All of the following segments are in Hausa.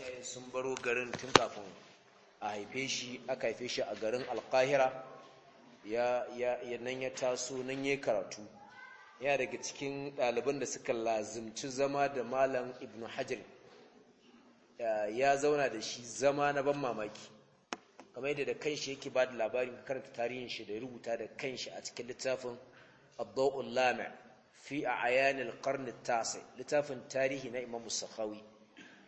iyayen sun baro garin tun kafin a haife shi aka haife shi a garin alkahira ya nan ya taso nan ya karatu ya daga cikin ɗaliban da suka lazimci zama da malam ibn hajar ya zauna da shi zama na ban mamaki kamar yadda da kanshi yake ba da labarin karanta tarihin shi da rubuta da kanshi a cikin littafin abdu'ul lamar fi a ayanil karni tasai littafin tarihi na imam sakhawi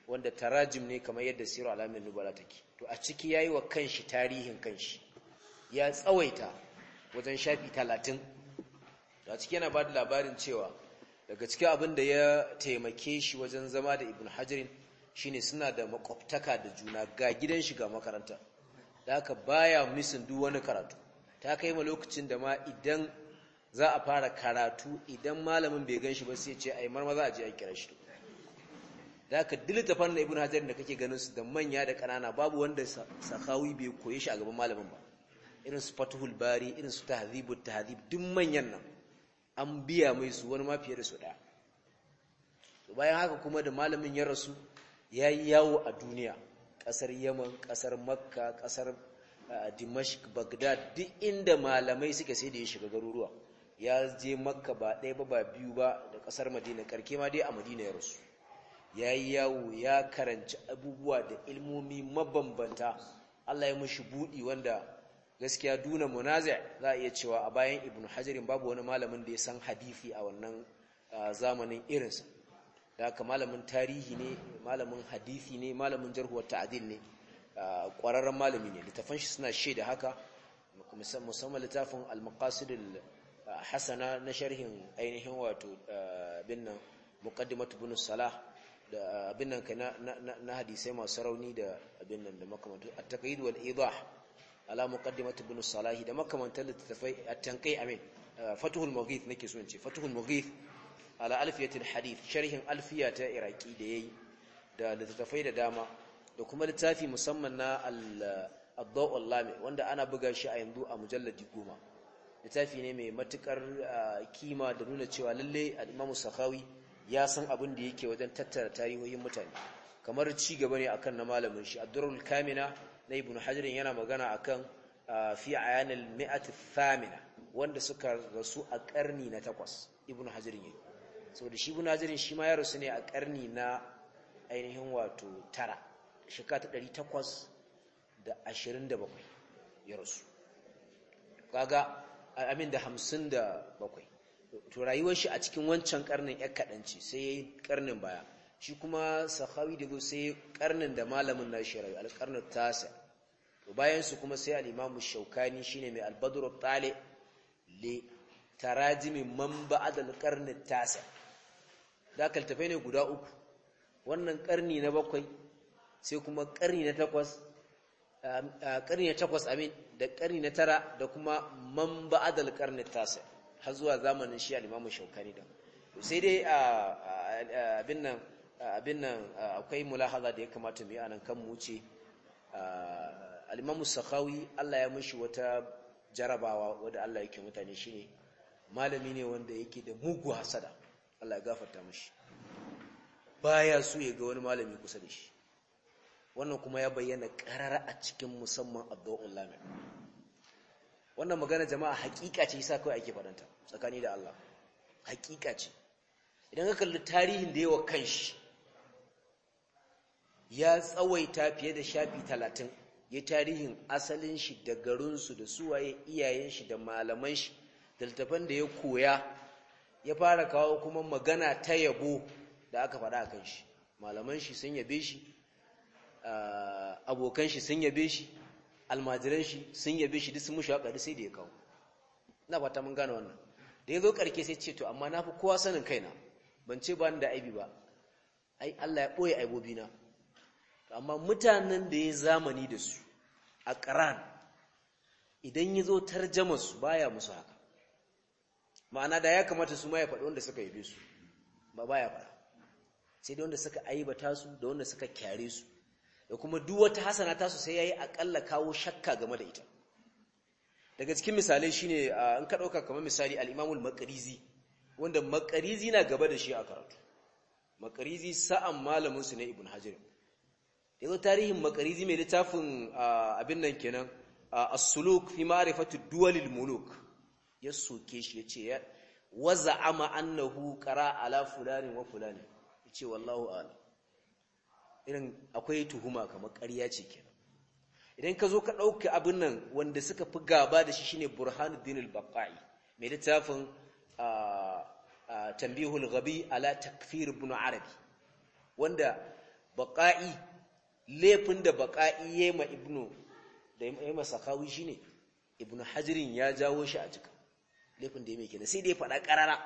wanda tarajim ne kamar yadda siru alamin nubala take to a ciki ya yi wa kanshi tarihin kanshi ya tsawaita wajen shafi talatin a ciki yana ba da labarin cewa daga cikin abin da ya taimake shi wajen zama da ibn hajarin shine suna da makwabtaka da juna ga gidan shi ga makaranta da haka baya misin duk wani karatu ta kai ma lokacin da ma idan za a fara karatu idan malamin bai gan shi ba sai ce yi marmaza a je a kira shi da ka dilita fannin ibn hajar da kake ganin su da manya da kanana babu wanda sakawi bai koye shi a gaban malamin ba irin su fatuhul bari irin su tahdhibu tahdhib duk manyan nan an biya mai su wani ma da su ɗaya bayan haka kuma da malamin ya rasu ya yi yawo a duniya ƙasar yaman ƙasar makka ƙasar dimashq bagdad duk inda malamai suke sai da ya shiga garuruwa ya je makka ba ɗaya ba ba biyu ba da ƙasar madina ƙarke ma dai a madina ya rasu ya yi yawo ya karanci abubuwa da ilmomi mabambanta Allah ya mushi buɗi wanda gaskiya duna munazi za a iya cewa a bayan ibn hajarin babu wani malamin da ya san hadithi a wannan zamanin irinsa da haka malamin tarihi ne malamin hadithi ne malamin jarhuwar ta'adil ne ƙwararren malami ne littafan shi suna shaida haka musamman littafin almakasirin hasana na sharhin ainihin wato bin nan muqaddimatu salah da abin nan na hadisai masu rauni da abin nan da makamantar a taqid wal idah ala muqaddimat ibn salahi da makamantar littafai a tankai amin uh, fatuhul mughith nake so in ce fatuhul mughith ala alfiyatul hadith sharhin alfiya ta iraki da yayi da littafai da dama da kuma littafi musamman na al-dawul uh, lami wanda ana buga shi a yanzu a mujalladi goma littafi ne mai matukar uh, kima da nuna cewa lalle al-imamu sakhawi ya san abin da yake wajen tattara tarihohin mutane kamar ci gaba ne akan na malamin shi ad kamina na ibn hajar yana magana akan fi ayan al-mi'at thamina wanda suka rasu a karni na takwas ibn ya yi saboda shi ibn hajar shi ma ya rasu ne a karni na ainihin wato tara shekara ta 827 ya rasu kaga amin da 57 to rayuwar shi a cikin wancan karnin ya kadanci sai ya yi karnin baya shi kuma sahawi da sai karnin da malamin na shi rayu alƙarnar tasa to bayan su kuma sai al'imamu shaukani shine mai albadurar tale le tarajimin man adal karnin tasa da kaltafai ne guda uku wannan karni na bakwai sai kuma karni na takwas ah, ah, karni na takwas amin da karni na tara da kuma man adal karnin tasa har zuwa zamanin shi alimamu imamu shaukani da sai dai abin nan abin nan akwai mulahaza da ya kamata mu yi anan kan mu ce al sakawi Allah ya mishi wata jarabawa wadda Allah yake mutane shi ne malami ne wanda yake da mugu hasada Allah ya gafarta mishi baya so ya ga wani malami kusa da shi wannan kuma ya bayyana karara a cikin musamman addu'ul lamin wannan magana jama'a hakika ce yasa kawai ake faɗanta tsakani da Allah hakika ce idan ka kalli tarihin da yawa kanshi ya tsawaita fiye da shafi talatin ya tarihin asalin shi da garinsu da suwaye iyayen shi da malaman shi da da ya koya ya fara kawo kuma magana ta yabo da aka faɗa a kan shi malaman shi sun yabe shi ah, abokan shi sun yabe shi almajiran shi sun yabe shi duk sun mushi waƙa sai da ya kawo ina fata mun gane wannan da ya zo ƙarke sai ce to amma na fi kowa sanin kaina ban ce ba ni da aibi ba ai Allah ya ɓoye aibobina amma mutanen da ya zamani da su a ƙaran idan ya zo su baya musu haka ma'ana da ya kamata su ma ya faɗi wanda suka yabe su ba baya faɗa sai da wanda suka aibata su da wanda suka kyare su da kuma duk wata hasana ta su sai yayi akalla kawo shakka game da ita daga cikin misalai shine in ka dauka kamar misali al-Imam al-Maqrizi wanda Maqrizi na gaba da shi a karatu Maqrizi sa'an malamin su ne Ibn Hajar yanzu tarihin Maqrizi mai littafin abin nan kenan as-suluk fi ma'rifatu duwalil muluk ya soke shi yace ya waza'ama annahu qara'a ala fulani wa fulani yace wallahu a'lam irin akwai tuhuma kamar ƙarya ce kenan idan ka zo ka ɗauka abin nan wanda suka fi gaba da shi shine burhanuddin al-baqai mai littafin tambihul ghabi ala takfir ibn arabi wanda baqai laifin da baqai yema ibnu da yema sakawi shine ibnu hajirin ya jawo shi a cikin laifin da yake kenan sai dai faɗa ƙarara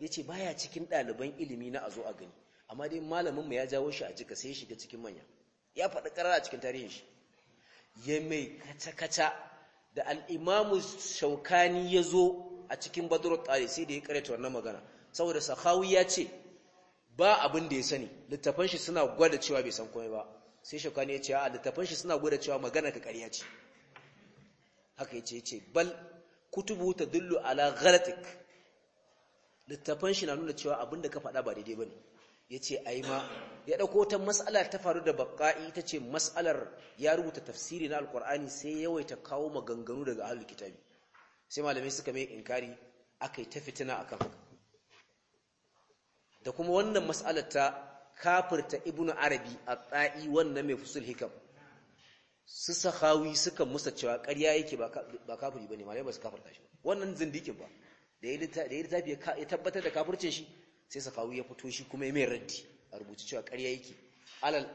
yace baya cikin ɗaliban ilimi na a zo a gani amma dai malamin mu ya jawo shi a jika sai shiga cikin manya ya faɗi ƙarara a cikin tarihin shi ya mai kata-kata da al'imamu shaukani ya zo a cikin badar tsari sai da ya karyata wannan magana saboda sahawi ya ce ba abin da ya sani littafan shi suna gwada cewa bai san komai ba sai shaukani ya ce a littafan shi suna gwada cewa magana ka ƙarya ce haka ya ce ya ce bal kutubu ta dullu ala ghalatik littafan shi na nuna cewa abin da ka faɗa ba daidai ba ne yace ai ma ya ɗauko ta matsala ta faru da ta ce mas'alar ya rubuta tafsiri na alqur'ani sai yawaita kawo maganganu daga ahlul kitabi sai malamai suka mai inkari akai ta fitina akan haka da kuma wannan matsalar ta kafirta ibnu arabi a tsa'i wannan mai fusul hikam su sahawi suka musa cewa ƙarya yake ba kafiri bane malai ba su kafirta shi wannan zindikin ba da ya ya tabbatar da kafircin shi sai safawi ya fito shi kuma ya mai raddi a rubuce cewa karya yake alal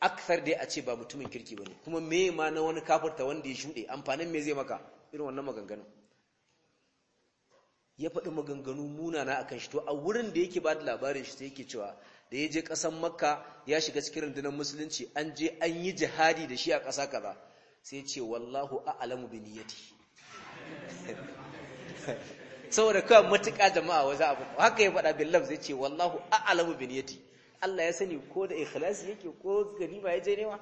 akthar dai a ce ba mutumin kirki bane kuma me ma na wani kafarta wanda ya shuɗe amfanin me zai maka irin wannan maganganu. ya faɗi maganganu munana akan shi to a wurin da yake ba da labarin shi sai yake cewa da ya je kasan makka ya shiga cikin rundunar musulunci an je an yi jihadi da shi a ƙasa kaza sai ce wallahu a'lamu bi niyyati saboda kawa matuƙa jama'a wa za haka ya faɗa billab zai ce wallahu a'lamu bin Allah ya sani ko da ikhlasi yake ko ganima ya je nema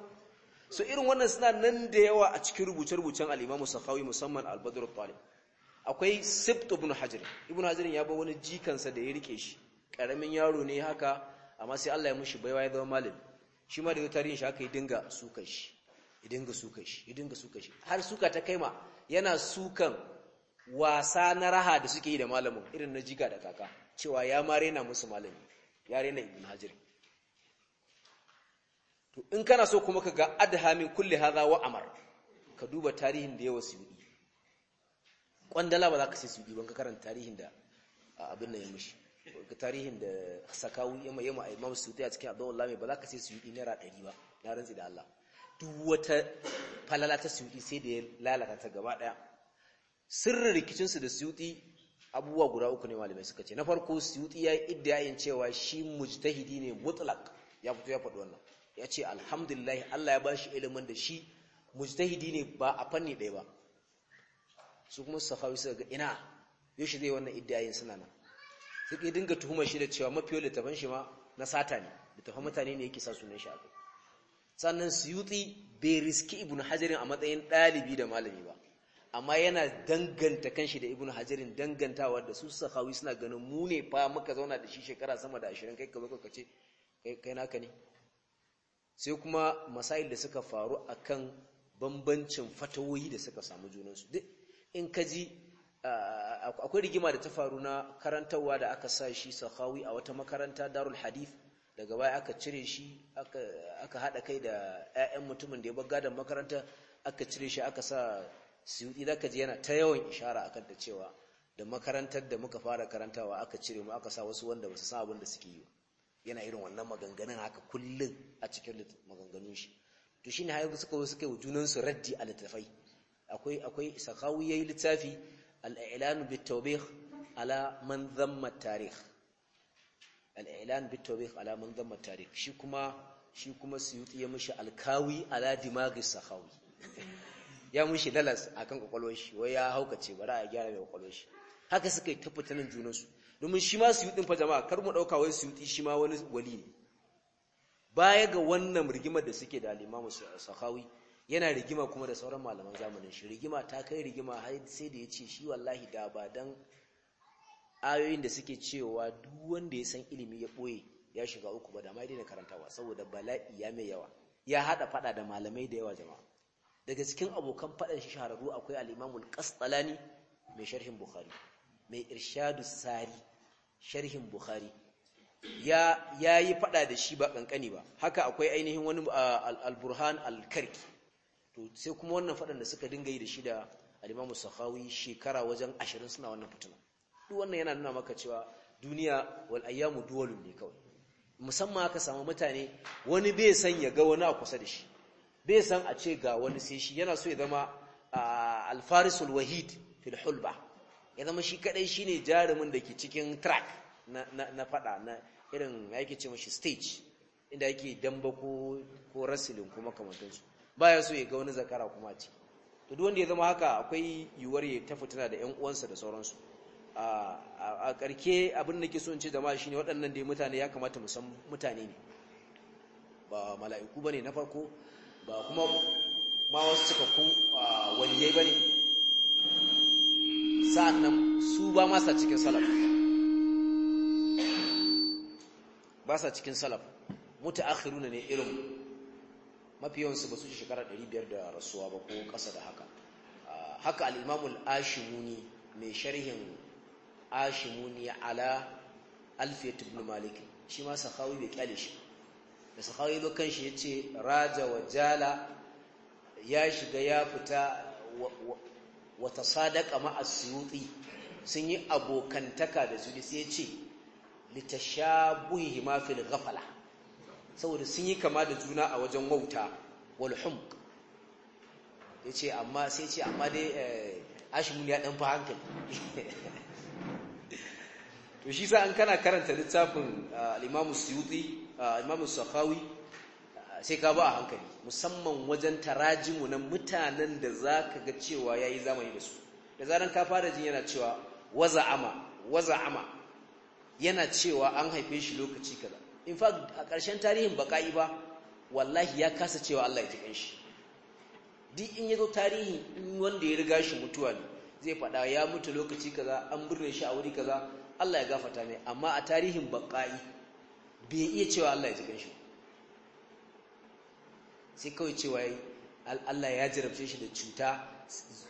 so irin wannan suna nan da yawa a cikin rubuce-rubucen al-Imam musamman al-Badr al akwai Sibt ibn Hajar ibn Hajar ya ba wani jikansa da ya rike shi karamin yaro ne haka amma sai Allah ya mushi baiwa ya zama malami shi ma da tarihin shi haka ya dinga sukan shi ya dinga sukan shi ya dinga sukan shi har suka ta kaima yana sukan wasa na raha da suke yi da malamin irin na jiga da kaka cewa ya ma rena musu malami ya rena ibn hajar to in kana so kuma ka ga adhamin kulli hadha wa amr ka duba tarihin da yawa suyudi kwandala ba za ka sai suyudi ban ka karanta tarihin da abin nan ya mushi ga tarihin da sakawu yamma yamma ai mamu suyudi a cikin abdullah mai ba za ka sai suyudi naira 100 ba na ranzi da Allah duk wata falala ta suudi sai da ya lalata gaba daya sirrin rikicinsu da suyuti abubuwa guda uku ne malamai suka ce na farko suyuti ya yi ayin cewa shi mujtahidi ne mutlak ya fito ya faɗi wannan ya ce alhamdulillahi Allah ya ba shi ilimin da shi mujtahidi ne ba a fanni ɗaya ba su kuma safawi suka ga ina yaushe zai wannan iddiyayin suna nan ke dinga tuhumar shi da cewa mafiyo littafan shi ma na sata ne littafan mutane ne yake sa sunan shi a sannan suyuti bai riski ibn hajarin a matsayin ɗalibi da malami ba amma yana danganta kanshi da ibnu hajarin dangantawa da su sahawi suna ganin mu ne fa muka zauna da shi shekara sama da ashirin kai ka zo ka ce kai naka ne sai kuma masail da suka faru akan bambancin fatawoyi da suka samu junansu duk in ka ji akwai rigima da ta faru na karantarwa da aka sa shi sahawi a wata makaranta darul hadith daga baya aka cire shi aka haɗa kai da 'ya'yan mutumin da ya bar gadon makaranta aka cire shi aka sa suyuti ka ji yana ta yawan ishara akan ta cewa da makarantar da muka fara karantawa aka cire mu aka sa wasu wanda ba su san abin da suke yi yana irin wannan maganganun haka kullum a cikin maganganun shi to shine hayo suka zo suka yi junan su raddi a littafai akwai akwai sakawi yayi littafi al-i'lan ala man dhamma tarikh shi kuma shi suyuti ya mishi alkawi ala dimagi sakawu. ya mushi lalas akan kwakwalwar shi wai ya haukace bara a gyara mai kwakwalwar shi haka suka yi juna junansu domin shi ma su yi fa jama'a kar mu ɗauka wai su yi shi ma wani wali ne baya ga wannan rigimar da suke da limamu sahawi yana rigima kuma da sauran malaman zamanin shi rigima ta kai rigima har sai da ya ce shi wallahi da ba dan ayoyin da suke cewa duk wanda ya san ilimi ya ɓoye ya shiga uku ba da ma daina karantawa saboda bala'i ya mai yawa ya haɗa faɗa da malamai da yawa jama'a daga cikin abokan faɗan shi shahararru akwai al-imamul qastalani mai sharhin bukhari mai irshadu sari sharhin bukhari ya yi faɗa da shi ba kankani ba haka akwai ainihin wani al-burhan al-karki to sai kuma wannan faɗan da suka dinga yi da shi da al-imamu sakhawi shekara wajen ashirin suna wannan fitina duk wannan yana nuna maka cewa duniya wal ayyamu duwalun ne kawai musamman aka samu mutane wani bai san ya ga wani a kusa da shi bai san a ce ga wani sai shi yana so ya zama alfarisul wahid fil hulba ya zama shi kadai shine jarumin da ke cikin track na faɗa fada na irin yake ce mashi stage inda yake damba ko ko wrestling kuma kamantansu baya so ya ga wani zakara kuma ce to duk wanda ya zama haka akwai yiwuwar ya ta fitina da ƴan uwansa da sauransu a karke abin da ke so in ce jama'a shine waɗannan da mutane ya kamata mu san mutane ne ba mala'iku bane na farko ba kuma ma wasu a waliyai ba ne sa'annan su ba masa cikin salaf ba sa cikin salaf mutu akhiru ne irin mafi yawansu ba su ci shekara 500 da rasuwa ba ko kasa da haka haka al'imamul ashimuni mai sharhin ashimuni ala alfiyat ibn malik shi ma kawai bai kyale shi da ba kanshi ya ce raja Wajala ya shiga ya fita wata sadaka ma'asiyuti sun yi abokantaka da su sai ya ce litashabuhi ma fil ghafala saboda sun yi kama da juna a wajen wauta wal humq yace amma sai ce amma dai eh, ashimun ya dan fa hankali to shi sa an kana karanta littafin eh, al-Imam imamu sakawi sai ka ba a hankali musamman wajen tarajimu na mutanen da za ka ga cewa ya yi zamani da su da zaran ka fara jin yana cewa waza ama yana cewa an haife shi lokaci kaza in fact a ƙarshen tarihin baƙa'i ba wallahi ya kasa cewa Allah ya ji kanshi duk in zo tarihi in wanda ya riga shi mutuwa ne zai faɗa ya mutu lokaci kaza an burne shi a wuri kaza Allah ya gafata mai amma a tarihin baƙa'i bai iya cewa Allah ya jikin ganshi sai kawai cewa Allah ya jirafce shi da cuta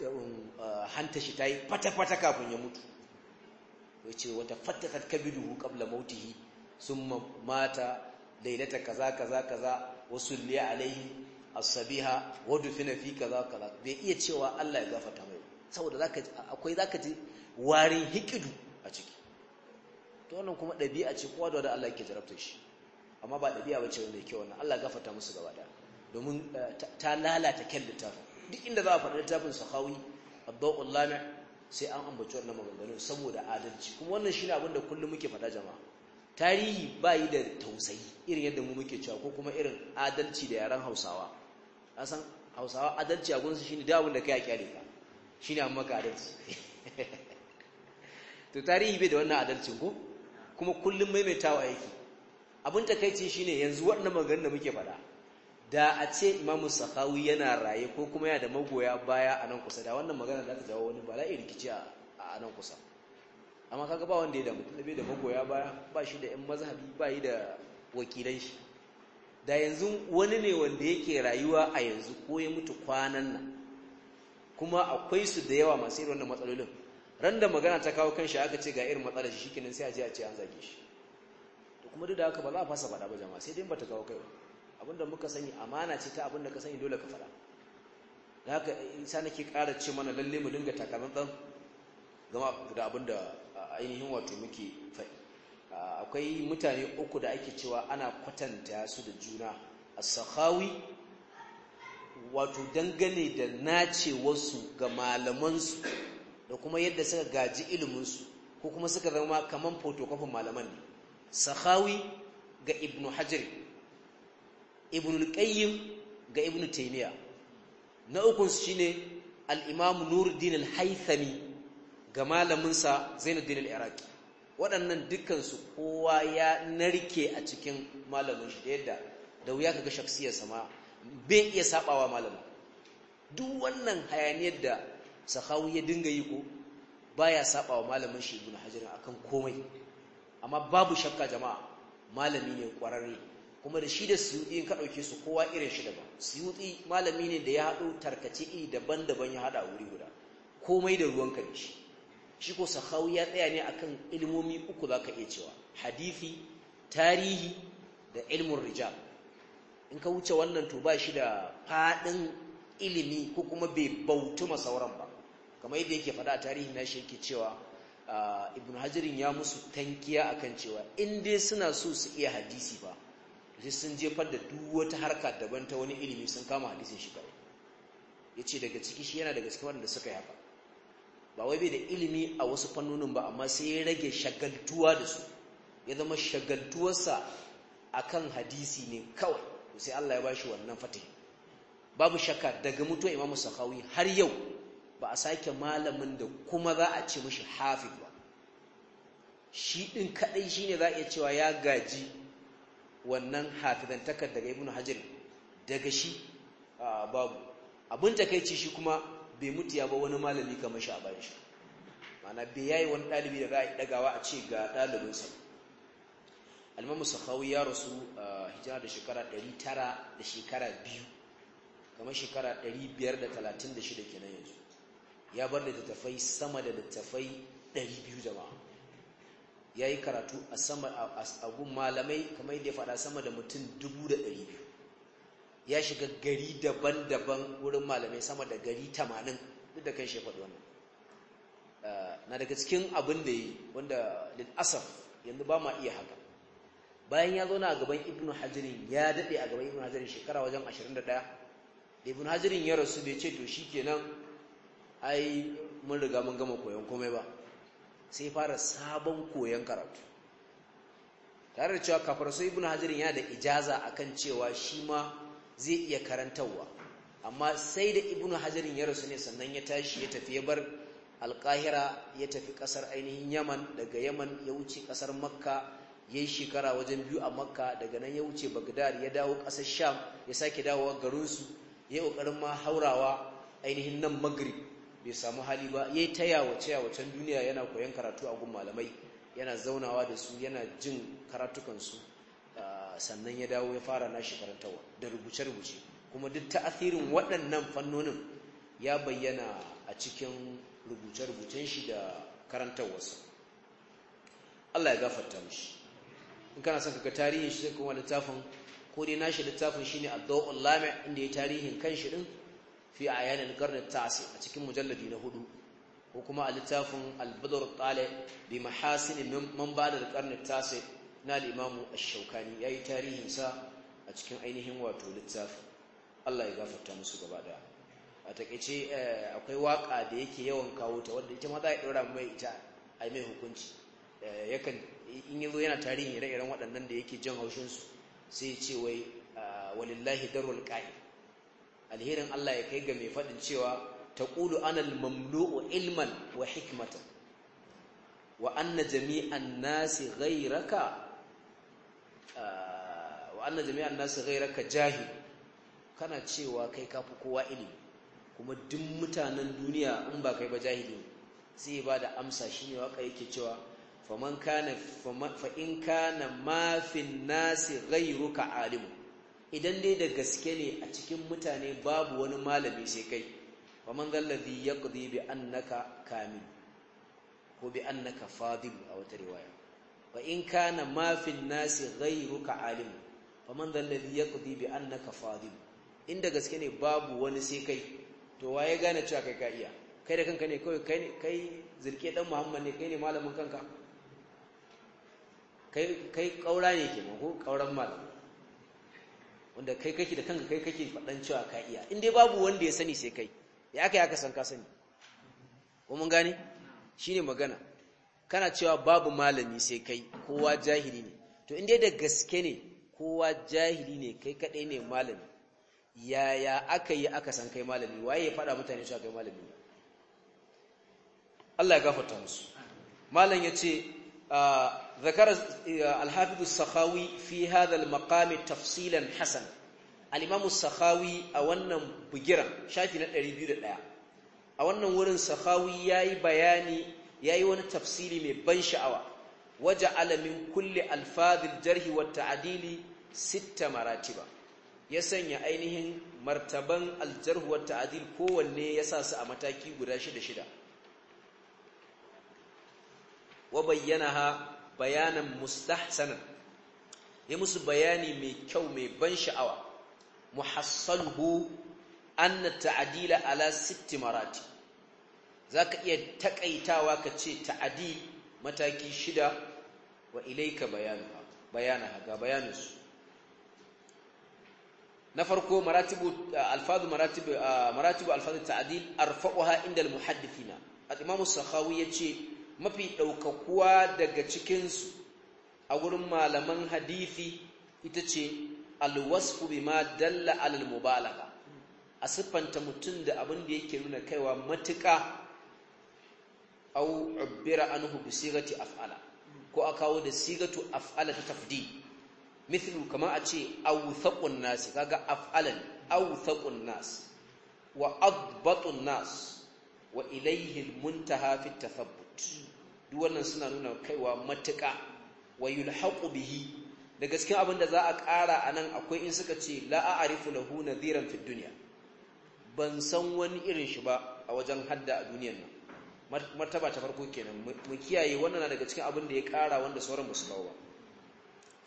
um, uh, hanta shi ta yi fata-fata kafin ya mutu wai ce wata fattakat hu kabla mautihi sun mata lailata kaza kaza kaza wasu liya alaihi as-sabiha wa dufina fi kaza kaza bai iya cewa Allah ya gafarta mai saboda akwai zaka ji warin hikidu to wannan kuma ɗabi'a ce kowa da wanda Allah yake jarabta shi amma ba ɗabi'a bace wanda yake wannan Allah gafarta musu gaba da domin eh, ta lalata kyan littafin duk inda za a faɗi littafin sahawi abdul lami sai an ambaci wannan maganganun saboda adalci kuma wannan shine abin da kullum muke faɗa jama'a tarihi ba yi da tausayi irin yadda mu muke cewa ko kuma irin adalci da yaran hausawa a san hausawa adalci a gunsu shine da abin da kai a kyale ka shine an maka adalci to tarihi bai da wannan adalcin ko kuma kullum maimaitawa yake abin takaici shine yanzu wannan magana da muke fada da a ce imamu sakawi yana raye ko kuma yana da magoya baya a nan kusa da wannan magana za ta jawo wani bala'i rikici a nan kusa amma kaga ba wanda ya damu da bai da magoya baya ba shi da yan mazhabi ba yi da wakilan shi da yanzu wani ne wanda yake rayuwa a yanzu ko ya mutu kwanan nan kuma akwai su da yawa masu irin wannan matsalolin ran magana ta kawo kan kanshi aka ce ga irin matsalar shi shikenan sai a je a ce an zage shi to kuma duk da haka ba za a fasa fada ba jama'a sai dai ba ta kawo kai ba abinda muka sani amana ce ta abinda ka sani dole ka faɗa da haka isa eh, nake ƙara ce mana lalle mu dinga takamantan gama da abinda ainihin wato muke faɗi akwai mutane uku da ake cewa ana kwatanta su da juna a sakhawi wato dangane da nacewarsu ga malamansu da kuma yadda suka gaji iliminsu ko kuma suka zama kaman fotokofin malaman ne sahawi ga ibnu hajar ibnu al ga ibnu taimiyya na ukun su ne al’imamu nuruddin al ga malaminsa sa zainuddin Iraki. waɗannan dukansu kowa ya narke a cikin malamin shi da yadda da wuya ka ga shaksiyar sama bai iya saɓawa malamin duk wannan hayaniyar da sakhawi ya dinga yi ko baya saba wa malamin shi ibn hajar akan komai amma babu shakka jama'a malami ne kwararre kuma da shi da suyuti in ka ɗauke su kowa irin shi daban suyuti malami ne da ya hado tarkace iri daban-daban ya hada wuri guda komai da ruwan kan shi shi ko sahawi ya tsaya ne akan ilmomi uku zaka iya cewa hadisi tarihi da ilmin rijal in ka wuce wannan to ba shi da fadin ilimi ko kuma bai bautu masauran ba kamar yadda yake faɗa a tarihi na shi yake cewa ah, ibn hajirin ya musu tankiya akan cewa in dai suna so su iya hadisi ba sai sun jefar da duk wata harka daban ta wani ilimi sun kama hadisin shi kawai ya ce daga ciki shi yana daga cikin wanda suka yi haka ba wai bai da ilimi a wasu fannonin ba amma sai ya rage shagaltuwa da su ya zama shagaltuwarsa akan hadisi ne kawai sai Allah ya bashi wannan fatih babu shakka daga mutuwa imamu sakawi har yau ba a sake malamin da kuma za a ce mashi hafiz ba shi ɗin kaɗai shi ne za a iya cewa ya gaji wannan hafizantakar daga ibn hajar daga shi babu abin takaici shi kuma bai mutu ya ba wani malami kamar shi a bayan shi mana bai yayi wani ɗalibi da za a yi ɗagawa a ce ga ɗalibinsa almamu sakhawi ya rasu hijira da shekara 900 da shekara biyu kamar shekara biyar da shida kenan yanzu ya bar littattafai sama da littattafai 200 ba ya yi karatu a sama a gun malamai kamar yadda ya faɗa sama da mutum 200 ya shiga gari daban-daban wurin malamai sama da gari 80 duk da kan shi faɗi wannan ah, na daga cikin abin da yi wanda lil'asaf yanzu ba ma iya haka bayan ya zauna a gaban ibn hajjirin ya daɗe a gaban ibn hajjirin shekara wajen 21 da ibn hajjirin ya rasu bai ce to shi kenan ai mun riga mun gama koyon komai ba sai fara sabon koyon karatu tare da cewa kafar sai ibn hajarin yana da ijaza akan cewa shi ma zai iya karantarwa amma sai da ibn hajarin ya rasu ne sannan ya tashi ya tafi ya bar alkahira ya tafi kasar ainihin yaman daga yaman ya wuce kasar makka ya yi shekara wajen biyu a makka daga nan ya wuce bagdad ya dawo kasar sham ya sake dawowa garinsu ya yi ƙoƙarin ma haurawa ainihin nan magrib bai samu hali ba ya yi ta yawace yawacen duniya yana koyon karatu a gun malamai yana zaunawa da su yana jin karatukansu sannan ya dawo ya fara nashi karantawa da rubuce-rubuce kuma duk ta'athirin waɗannan fannonin ya bayyana a cikin rubuce-rubucen shi da karantawarsa Allah ya gafarta mashi in kana son kaka tarihin shi sai kuma littafin ko dai nashi littafin shine ad-daw'ul inda ya tarihin kanshi din fi ayan al-qarn tasi a cikin mujalladi na hudu ko kuma a littafin al tsale bi mahasin man garnet tasi na al a shaukani ya yayi tarihinsa sa a cikin ainihin wato littafi Allah ya gafarta musu gaba da a takaice akwai waka da yake yawan kawo ta wadda ita maza ya dora mai ita a mai hukunci yakan in yana tarihin ire-iren waɗannan da yake jan haushin su sai ya ce wai walillahi darwal ƙa'i alherin Allah ya kai ga mai faɗin cewa taqulu anal mamlu'u ilman wa hikmata. wa anna jami'an nasi ghayraka ah, wa anna jami'an nasi ghayraka jahil kana cewa kai kafi kowa ilimi kuma duk mutanen duniya in ba kai ba jahili sai ba da amsa shine waka yake cewa faman kana fa in kana nasi ghayruka alimu idan dai da gaske ne a cikin mutane babu wani malami sai kai wa man zallazi yaqdi bi annaka kamil ko bi annaka fadil a wata riwaya wa in kana ma fil nasi ghayruka alim fa man zallazi yaqdi bi annaka fadil inda gaske ne babu wani sai kai to waye gane cewa kai ka iya kai da kanka ne kai kai zirke dan muhammad ne kai ne malamin kanka kai kai kaura ne kenan ko kauran malam. wanda kai kake da kanka kai kake faɗan cewa ka iya in dai babu wanda ya sani sai kai ya aka aka san ka sani ko mun gane shine magana kana cewa babu malami sai kai kowa jahili ne to in dai da gaske ne kowa jahili ne kai kadai ne malami yaya aka yi aka san kai malami waye ya faɗa mutane cewa kai malami Allah ya gafarta musu malam yace ah, ذكر الحافظ السخاوي في هذا المقام تفصيلا حسنا الإمام السخاوي أولا بجرا شايفنا الأريبيو للآية أولا ورن سخاوي ياي بياني ياي ون تفصيلي من بن شعوة وجعل من كل ألفاظ الجرح والتعديل ست مراتب يسن يأينهن مرتبا الجرح والتعديل كواني يساس أمتاكي قراشد شدا وبينها bayanan mustahsanan ya musu bayani mai kyau mai ban sha'awa muhassalhu anna ta'dila ala sitti marati zaka iya takaitawa ka ce ta'dil mataki shida wa ilayka bayanuha bayanaha ga su. na farko maratibu alfadu maratibu maratibu alfadu ta'dil arfa'uha inda al-muhaddithina al-imam as-sakhawi yace mafi ɗaukakuwa daga cikinsu a wurin malaman hadithi ita ce alwasfu ma dalla alal a siffanta mutum da abin da yake nuna kaiwa matuƙa au ubbira anhu bi sigati af'ala ko a kawo da sigatu af'ala ta tafdi mithlu kama a ce awthaqun nas kaga af'alan awthaqun nas wa adbatun nas wa ilayhi almuntaha fi tathabbut duk wannan suna nuna kaiwa matuƙa wa yulhaqu bihi da cikin abinda za a ƙara a nan akwai in suka ce la'arifu lahu nadhiran fid dunya ban san wani irin shi ba a wajen hadda a duniyar nan martaba ta farko kenan mu kiyaye wannan na daga cikin abinda ya ƙara wanda sauran ba su kawo ba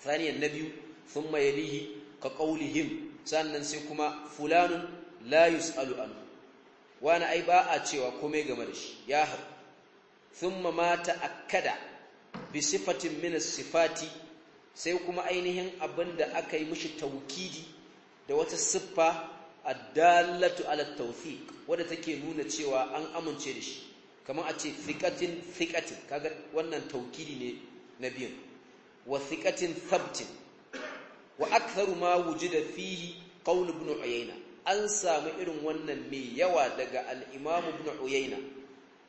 thaniyan na biyu thumma yalihi ka qawlihim sannan sai kuma fulanun Layus, yus'alu anhu wani ai ba a cewa komai game da shi ya haɗu thumma mata ta'akkada bi sifatin min sifati sai kuma ainihin abinda aka yi mishi tawkidi da wata siffa addalatu ala tawthiq wanda take nuna cewa an amince da shi kamar a ce thiqatin thiqatin kaga wannan tawkidi ne na biyu wa thiqatin thabtin wa aktharu ma wujida fihi qawl ibn uyayna an samu irin wannan mai yawa daga al-imam ibn uyayna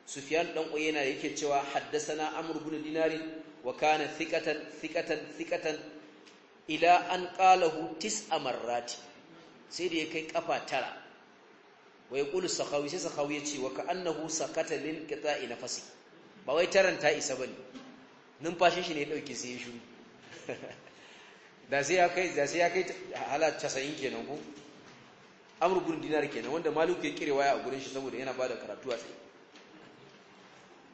sufyan dan uyayna yake cewa haddathana amr ibn dinari wa kana thiqatan thiqatan thiqatan ila an qalahu tis'a marrati sai da ya kai kafa tara wa yaqulu sakhawi sai sakhawi yace wa ka'annahu sakata lil qita'i nafsi ba wai taranta isa bane numfashin shi ne ya dauke sai ya shuru da sai ya kai da sai ya kai hala 90 kenan ko amr ibn dinar kenan wanda maliku ya kirewa a gurin shi saboda yana bada karatu a tsaye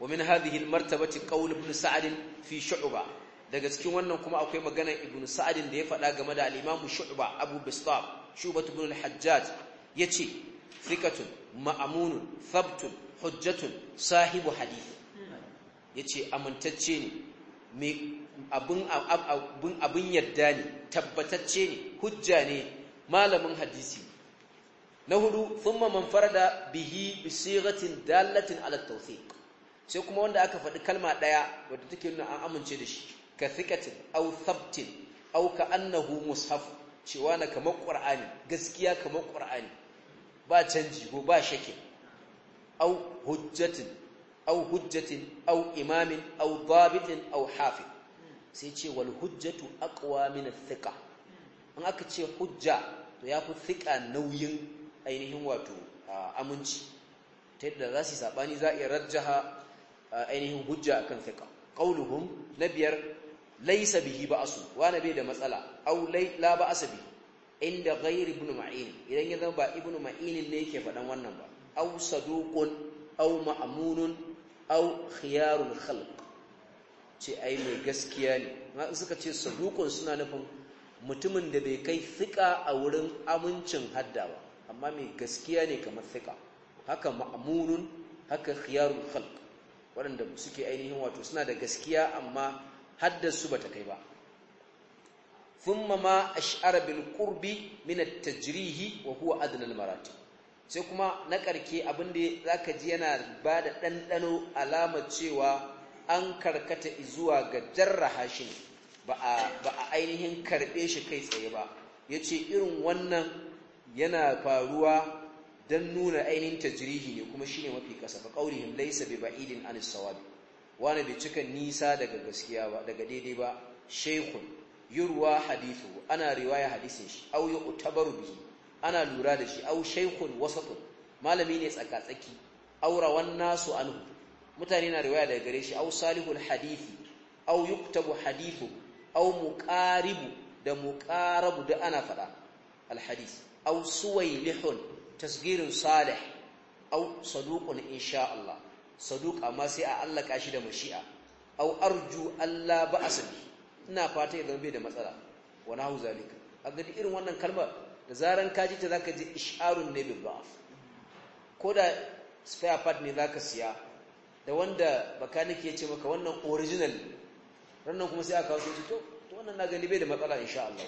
wa min martaba almartabati qawl ibn sa'd fi shu'ba daga cikin wannan kuma akwai magana ibn sa'd da ya faɗa game da al-imam shu'ba abu bistab shu'bat ibn al-hajjaj yace thiqatun thabtun hujjatun sahibu hadith yace amintacce ne mai abin yadda ne tabbatacce ne hujja ne malamin hadisi na hudu thumma man farada bihi bi sighatin dalatin ala tawthiq sai kuma wanda aka faɗi kalma ɗaya wadda take nuna an amince da shi ka thiqatin au thabtin aw ka annahu mushaf cewa na kamar qur'ani gaskiya kamar ƙur'ani. ba canji ko ba shake aw hujjatin aw hujjatin aw imamin aw babitin, aw hafi sai ce wal hujjatu aqwa min thiqa in aka ce hujja to yafi thiqa nauyin ainihin wato aminci ta yadda za su yi saɓani za a iya rajjaha ainihin hujja akan fiqa qauluhum na biyar laysa bihi ba'su wa nabi da matsala aw la ba'sa bihi inda ghair ibn ma'in idan ya zama ba ibn ma'in ne yake faɗan wannan ba aw saduqun aw ma'munun aw khiyarul khalq ce ai mai gaskiya ne ma suka ce saduqun suna nufin mutumin da bai kai fiqa a wurin amincin hadda ba amma mai gaskiya ne kamar fiqa haka ma'munun haka khiyarul khalq waɗanda suke ainihin wato suna da gaskiya amma haddasu ta kai ba thumma ma ash'ara bil qurbi min at-tajrihi wa huwa adna al sai kuma na karke abin da zaka ji yana ba da ɗanɗano alamar cewa an karkata zuwa ga jarra hashin ba a ainihin karɓe shi kai tsaye ba ya ce irin wannan yana faruwa dan nuna ainihin tajrihi ne kuma shine mafi kasa fa qaulihim laysa bi ba'idin an as-sawab wani bai cika nisa daga gaskiya ba daga daidai ba shaykhun yurwa hadithu ana riwaya hadisin shi aw yu'tabaru bihi ana lura da shi aw shaykhun wasatun malami ne tsakatsaki aura rawan nasu anhu mutane na riwaya daga gare shi aw salihul hadithi aw yuktabu hadithu aw muqaribu da muqarabu da ana fada al hadith aw suwaylihun tasgirin salih au saduqun insha Allah saduq amma sai a allaka shi da mashi'a au arju Allah ba asbi ina fata idan bai da matsala wa nahu zalika aga irin wannan kalmar da zaran ka ji ta zaka ji isharun ne ba ko koda spare part ne zaka siya da wanda bakanik ya ce maka wannan original rannan kuma sai aka kawo to to wannan na gani bai da matsala insha Allah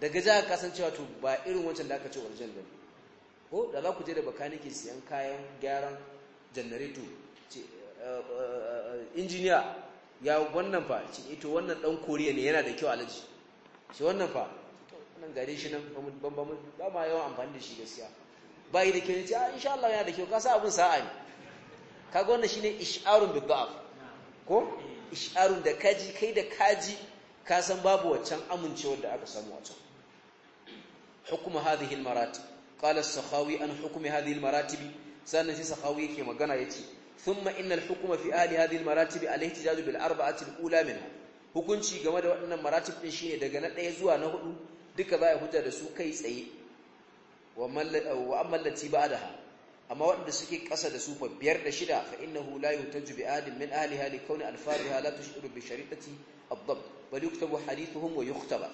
daga ja ka san cewa to ba irin wancan da aka ce original ba. ko da za ku je da bakanikin siyan kayan gyaran janareto eh, eh, eh, injiniya ya wannan fa ce ito wannan dan koriya ne yana da kyau alaji shi wannan fa wannan gare shi nan bambamin ba ma yawan amfani da shi gaskiya ba yi da kyau ne ce ah, insha Allah yana da kyau kasa abin sa'a ne kaga wannan shine ish'arun bi da'af ko ish'arun da kaji kai da kaji ka san babu waccan amincewar da aka samu a can hukuma hadhihi al-maratib qala as-sakhawi an hukmi hadhihi al-maratib sannan shi sakhawi yake magana yace thumma inna al-hukma fi ahli hadhihi al-maratib al-ihtijaj bil arba'ati al-ula minha hukunci game da waɗannan maratib din shine daga na ɗaya zuwa na hudu duka za a huta da su kai tsaye wa amma allati ba'daha amma waɗanda suke kasa da su fa biyar da shida fa innahu la yutaju bi adin min ahli hali kauni alfariha la tushiru bi shari'ati ad-dabt bal yuktabu hadithuhum wa yuktaba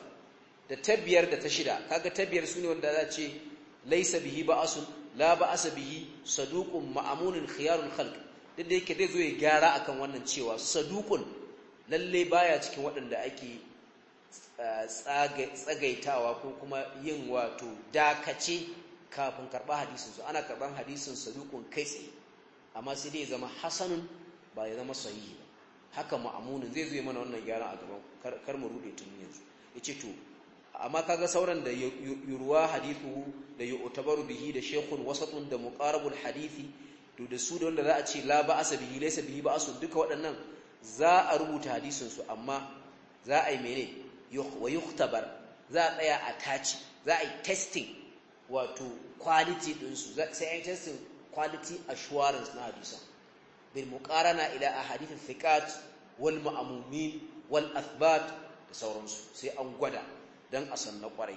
da ta biyar da ta shida kaga tabiyar sune wanda za ce ليس bihi ba'asun لا ba'asa bihi saduqun ma'amunun خيار الخلق duk da yake zai zo ya gyara akan wannan cewa saduqun lalle baya cikin waɗanda ake eh, tsagaitawa ko kuma yin wato dakace kafin karba hadisin su ana karban hadisin saduqun kai tsaye amma sai dai zama hasanun ba ya zama sahihi ba haka ma'amunin zai zo mana wannan gyaran a gaban kar mu rude tun yanzu yace to amma kaga sauran da yurwa hadithu da yu'tabaru bihi da shaykhun wasatun da muqarabul hadithi to da su da wanda za a ce la ba'asa bihi laysa bihi duka waɗannan za a rubuta hadisin su amma za a yi mene wa yuhtabar za a tsaya a tace za a yi testing wato quality din su sai an testing quality assurance na hadisan bil muqarana ila ahadith thiqat wal ma'mumin wal athbat da sauransu sai an gwada dan a san na kwarai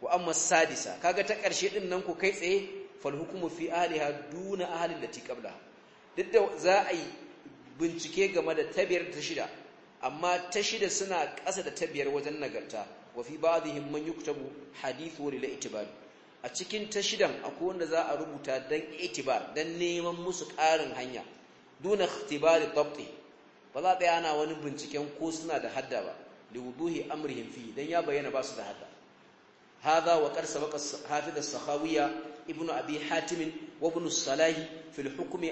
wa amma sadisa kaga ta karshe din nan ku kai tsaye fal hukmu fi aliha duna ahli ti qabla duk da za a yi bincike game da tabiyar ta shida amma ta shida suna ƙasa da tabiyar wajen nagarta wa fi ba'dihim man yuktabu hadithu lil itibar a cikin ta shidan akwai wanda za a rubuta dan itibar dan neman musu ƙarin hanya duna ikhtibari dabti ba za ta wani binciken ko suna da hadda ba liwuduhi amrihim fi dan ya bayyana basu da haka haza wa qad sabaqa hafiz as-sakhawiya ibn abi hatim wa salah fi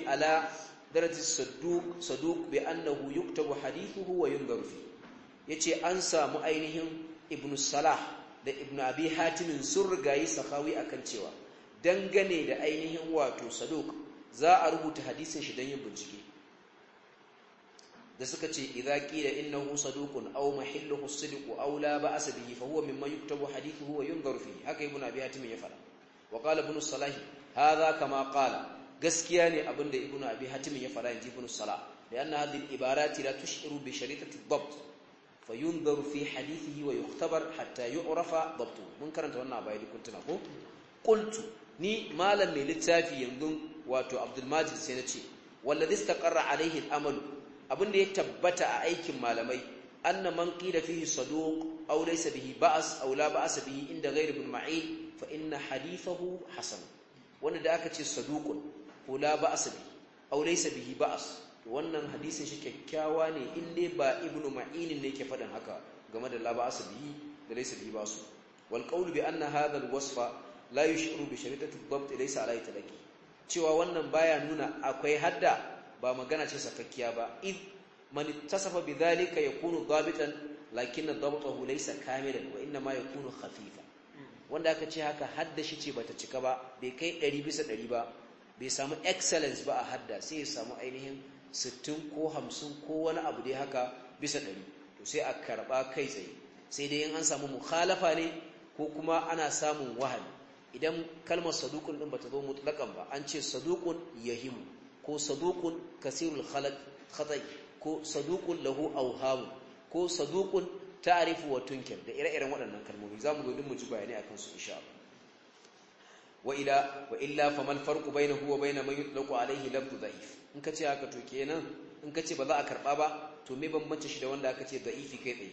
ala darajat as-saduq saduq annahu yuktabu hadithuhu wa yundaru fi yace an samu ainihin ibn salah da ibnu abi hatimin sun rigayi sakhawi akan cewa dangane da ainihin wato saduq za a rubuta hadisin shi don yin bincike da suka ce idza qila innahu saduqun aw mahilluhu as-sidq aw la ba'sa bihi fa huwa mimma yuktabu hadithuhu wa yunzar fihi haka ibn abi hatim ya fara wa qala ibn salah hadha kama qala gaskiya ne abinda ibn abi hatim ya fara inji ibn salah lianna hadhihi al-ibarati la tushiru bi sharitati ad-dabt fa yunzar fi hadithihi wa yuktabar hatta yu'rafa dabtu mun karanta wannan abai duk tuna ko qultu ni malam mai littafi yanzu wato abdul majid sai na ce wallazi istaqarra alaihi al-amalu abinda ya tabbata a aikin malamai anna man qila fihi saduq aw laysa bihi ba'as aw la ba'as bihi inda ghayr ibn ma'in fa inna hadithahu hasan wanda da aka ce saduqun ko la ba'as bihi aw laysa bihi ba'as wannan hadisin shi kyakkyawa ne in dai ba ibn ma'in ne yake faɗin haka game da la ba'as bihi da laysa bihi ba'as wal qawlu bi anna hadha al wasfa la yush'iru bi sharitati ad-dabt laysa alayhi talaqi cewa wannan baya nuna akwai hadda ba magana ce sakakkiya ba id man bi bidhalika yakunu dhabitan lakinna dhabtuhu laysa kamilan wa inma yakunu khafifa wanda aka ce haka hadda shi ce bata cika ba bai kai 100 bisa 100 ba bai samu excellence ba a hadda sai ya samu ainihin 60 ko 50 ko wani abu dai haka bisa 100 to sai a karba kai tsaye sai dai in an samu mukhalafa ne ko kuma ana samun wahali idan kalmar saduqun din bata zo mutlaqan ba an ce saduqun yahimu ko saduqun kasirul khalaq khatai ko saduqun lahu awham ko saduqun ta'rifu wa tunkir da ire-iren waɗannan kalmomi zamu zo din mu ji bayani akan su insha Allah wa ila wa illa famal farqu bainahu wa bain man yutlaqu alayhi lafzu da'if in ce haka to kenan in ce ba za a karba ba to me bambance shi da wanda aka ce da'ifi kai tsaye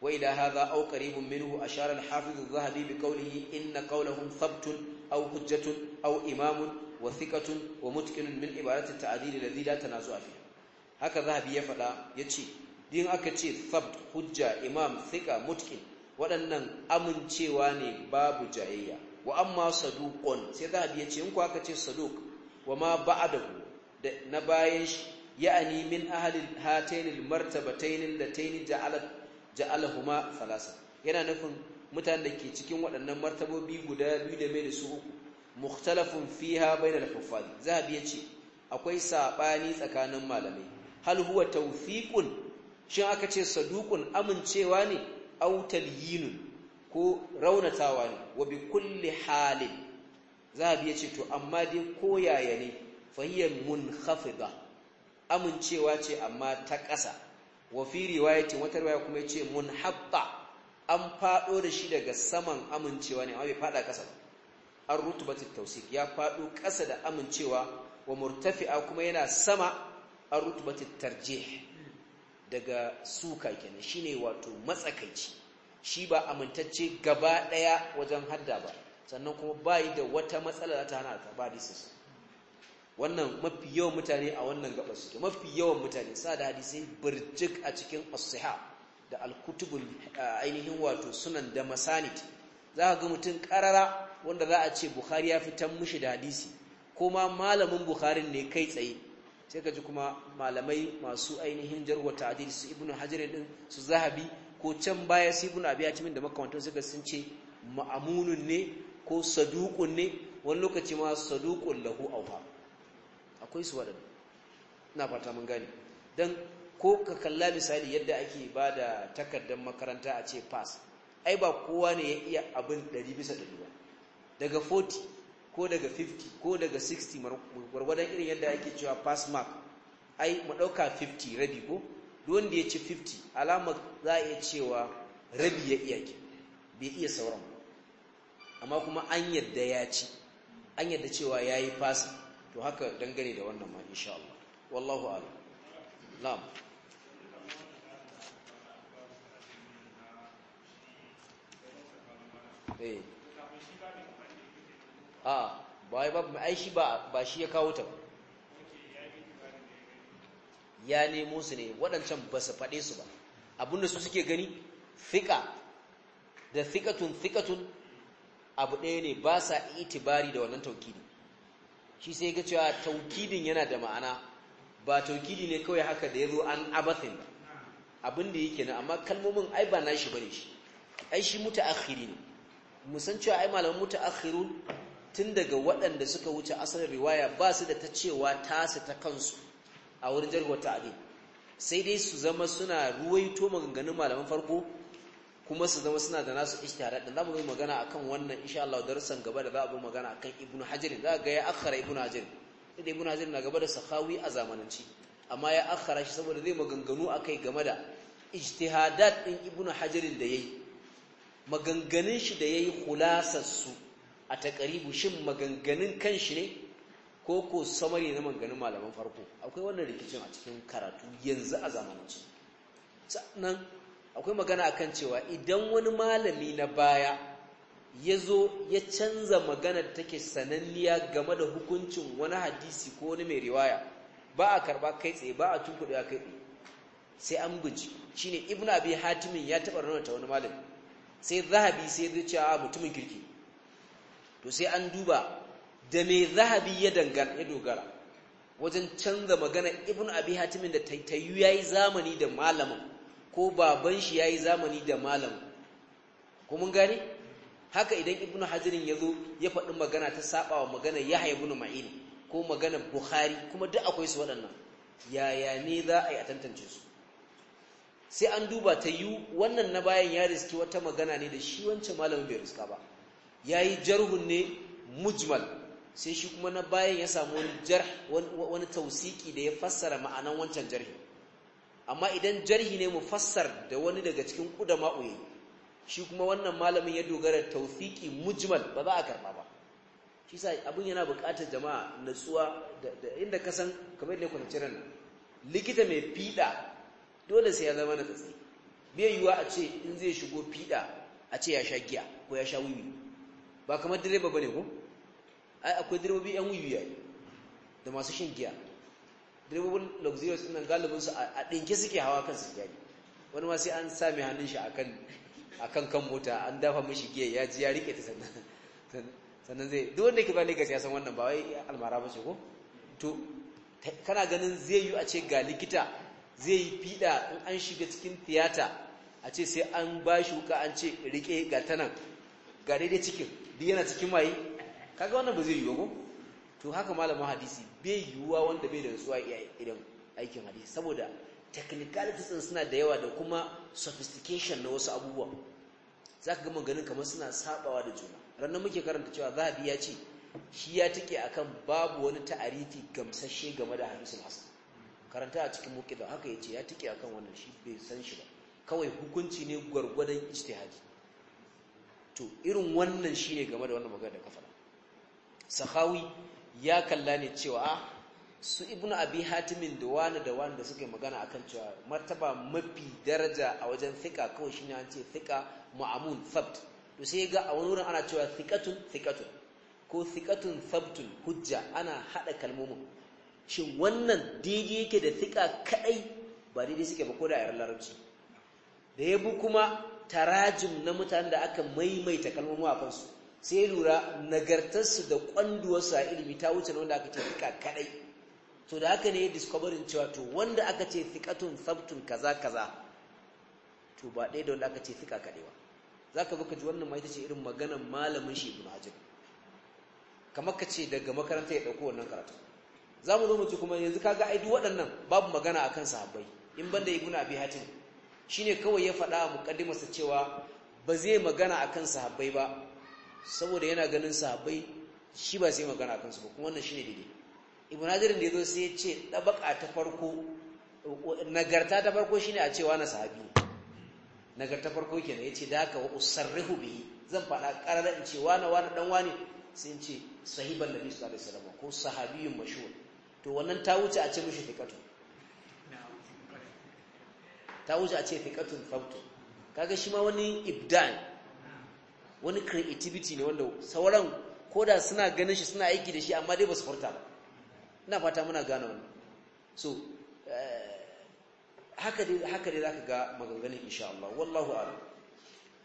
wa ila hadha aw qaribun minhu ashara al-hafiz adh-dhahabi bi qawlihi inna qawlahum sabtun aw hujjatun aw imamun wa thiqatun wa mutqinun min ibadati ta'dil alladhi la tanazu'a fi haka zahabi ya fada yace din aka ce sabt hujja imam thiqa mutqin waɗannan amincewa ne babu jayayya wa amma saduqun sai zahabi yace in ku aka ce saduq wa ma ba'dahu na bayan shi ya'ani min ahli hatayn almartabatayn latayn ja'alat ja'alahuma thalasa yana nufin mutanen da ke cikin waɗannan martabobi guda biyu da mai da su uku mukhtalafun fiha bainal huffaz zahabi yace akwai sabani tsakanin malamai hal huwa tawfiqun shin aka ce saduqun amincewa ne aw talyinun ko raunatawa ne wa bi kulli halin zahabi yace to amma dai koyaya ne fahiyar munkhafida amincewa ce amma ta ƙasa wa fi riwayatin wata riwaya kuma yace munhatta an faɗo da shi daga saman amincewa ne amma bai faɗa ƙasa ba an rutubatul tausik ya faɗo ƙasa da amincewa wa murtafi'a kuma yana sama an rutubatul tarjih daga suka kenan shine wato matsakaici shi ba amintacce gaba ɗaya wajen hadda ba sannan kuma bayi da wata matsala da ta hana ta ba su wannan mafi yawan mutane a wannan gaba suke mafi yawan mutane sa da hadisai birjik a cikin as da al-kutubul ainihin wato sunan da masanid za ka ga mutum karara wanda za a ce bukhari ya fitan mushi da hadisi ko ma malamin bukharin ne kai tsaye sai ka ji kuma malamai masu ainihin jarwa ta'adil su ibnu hajar din su zahabi ko can baya su ibnu abi yatimin da makamantan suka sun ce ma'amunun ne ko saduqun ne wani lokaci ma saduqun lahu awha akwai su wadannan ina fata mun gane dan ko ka kalla misali yadda ake ba da takardar makaranta a ce pass ai ba kowa ne ya iya abin 100 bisa 100 ba daga 40 ko daga 50 ko daga 60 gwargwadon irin yadda ake cewa pass mark ai mu ɗauka 50 rabi ko wanda ya ci 50 alama za a iya cewa rabi ya iya ke bai iya sauran amma kuma an yadda ya ci an yadda cewa ya yi fasa to haka dangane da wannan ma insha Allah wallahu ala na'am eh a ba wai babu ba ba shi ya kawo ta ba ya nemo su ne waɗancan ba su faɗe su ba abinda su suke gani fiƙa da fiƙatun fiƙatun abu ɗaya ne ba sa itibari da wannan taukidi shi sai ga cewa taukidin yana da ma'ana ba taukidi ne kawai haka da ya zo an abathin ba abin yake na amma kalmomin ai ba nashi bane shi ai shi akhiri ne musan cewa ai malaman mutaakhirun tun daga waɗanda suka wuce asalin riwaya ba su da ta cewa tasa ta kansu a wurin jarhuwar ta'adil sai dai su zama suna ruwaito maganganun malaman farko kuma su zama suna da nasu ishtara da zamu yi magana akan wannan insha Allah darussan gaba da za a bi magana akan Ibn Hajar za ga ya akara Ibn Hajar da Ibn Hajar na gaba da sakawi a zamananci amma ya akara shi saboda zai maganganu akai game da ijtihadat din Ibn Hajar da yayi maganganun shi da yayi khulasar su a takaribu shin maganganun kanshi ne ko ko samari na maganganun malaman farko akwai wannan rikicin a cikin karatu yanzu a zamanci sannan akwai magana a kan cewa idan wani malami na baya ya zo ya canza magana da take sananniya game da hukuncin wani hadisi ko wani mai riwaya ba a karba kai tsaye ba a tunkuɗewa kai sai an guji shine ibnu abi hatimin ya taɓa ta wani malami sai zahabi sai ya ce a mutumin kirki to sai an duba da me zahabi ya ya dogara wajen canza magana ibn abi hatimin da taitayu yayi zamani da malamin ko baban shi yayi zamani da malamin ko mun gane haka idan ibn hajarin ya zo ya faɗi magana ta saba wa magana yahya ibn ma'in ko magana bukhari kuma duk akwai su waɗannan yaya ne za a yi a tantance su sai an duba ta yi wannan na bayan ya riski wata magana ne da shi wancan malamin bai riska ba ya yi jarhun ne mujmal sai shi kuma na bayan ya samu wani tausiki da ya fassara ma'anan wancan jarhi amma idan jarhi ne mu fassar da wani daga cikin kuda uyi shi kuma wannan malamin ya dogara tausiki mujmal ba za a karba ba shi sa abin yana bukatar jama'a natsuwa da inda ka san kamar da kwanci ran likita mai fiɗa dole sai ya zama na tsatsi bai yiwuwa a ce in zai shigo fiɗa a ce ya sha giya ko ya sha wiwi ba kamar direba ba ne ko ai akwai direbobi yan wuyu yayi da masu shin giya direbobin luxurious din galibin su a dinke suke hawa kan su yayi wani ma sai an sa hannun shi akan akan kan mota an dafa mishi giya ya ji ya rike ta sannan sannan zai duk wanda yake ba Lagos ya san wannan ba wai almara ba ce ko to kana ganin zai yi a ce ga likita zai yi fiɗa in an shiga cikin tiyata a ce sai an ba shi wuka an ce rike ga tanan ga daidai cikin duk yana cikin waye kaga wannan ba zai yiwu ko to haka malamin hadisi bai yiwuwa wanda bai da nutsuwa irin aikin hadisi saboda technicalities din suna da yawa da kuma sophistication na wasu abubuwa zaka ga maganin kamar suna sabawa da juna ranar muke karanta cewa zahabi ya ce shi ya take akan babu wani ta'arifi gamsashe game da hadisul hasan karanta a cikin muqidda haka yace ya take akan wannan shi bai san shi ba kawai hukunci ne gwargwadon ijtihadi to irin wannan shine game da wannan magana da kafa sahawi ya kalla ne cewa a ah, su ibnu abi hatimin da wani da wani da suka yi magana akan cewa martaba mafi daraja a wajen thika kawai shine an ce thika mu'amun thabt to sai ga a wani wurin ana cewa thikatun thikatun ko thikatun thabtun hujja ana hada kalmomin shin wannan daidai yake da thika kadai ba daidai suke ba ko da ayar larabci da ya yabu kuma tarajim na mutanen da aka maimaita kalmomi a kansu sai lura nagartarsu da kwanduwarsu a ilimi ta wuce na wanda aka ce fika kadai to da haka ne ya discoverin cewa to wanda aka ce fikatun sabtun kaza kaza to ba ɗaya da wanda aka ce fika kadai ba za ka baka ji wannan ma ita ce irin maganar malamin shi ibn hajar kamar ka ce daga makaranta ya ɗauko wannan karatu za mu zo mu ci kuma yanzu kaga ai duk waɗannan babu magana akan sahabbai in banda ibn abi hatim shine kawai ya faɗa muqaddimarsa cewa ba zai magana akan sahabbai ba saboda yana ganin sahabbai shi ba zai magana akan su ba kuma wannan shine daidai ibn hajar da yazo sai ya ce dabaka ta farko nagarta ta farko shine a cewa na sahabi nagarta farko kenan yace da haka wa usarrihu bihi zan faɗa ƙararra in ce wani wani dan wani sai in ce sahiban nabi sallallahu alaihi wasallam ko sahabiyun mashhur to wannan ta wuce a ce mushi fikatu ta wuce a ce fiqatun fabtu kaga shi ma wani ibdan wani creativity ne wanda sauran da suna ganin shi suna aiki da shi amma dai ba su furta ba ina fata muna gane wani so eh, haka dai za ka zaka ga maganganin insha Allah wallahu a'lam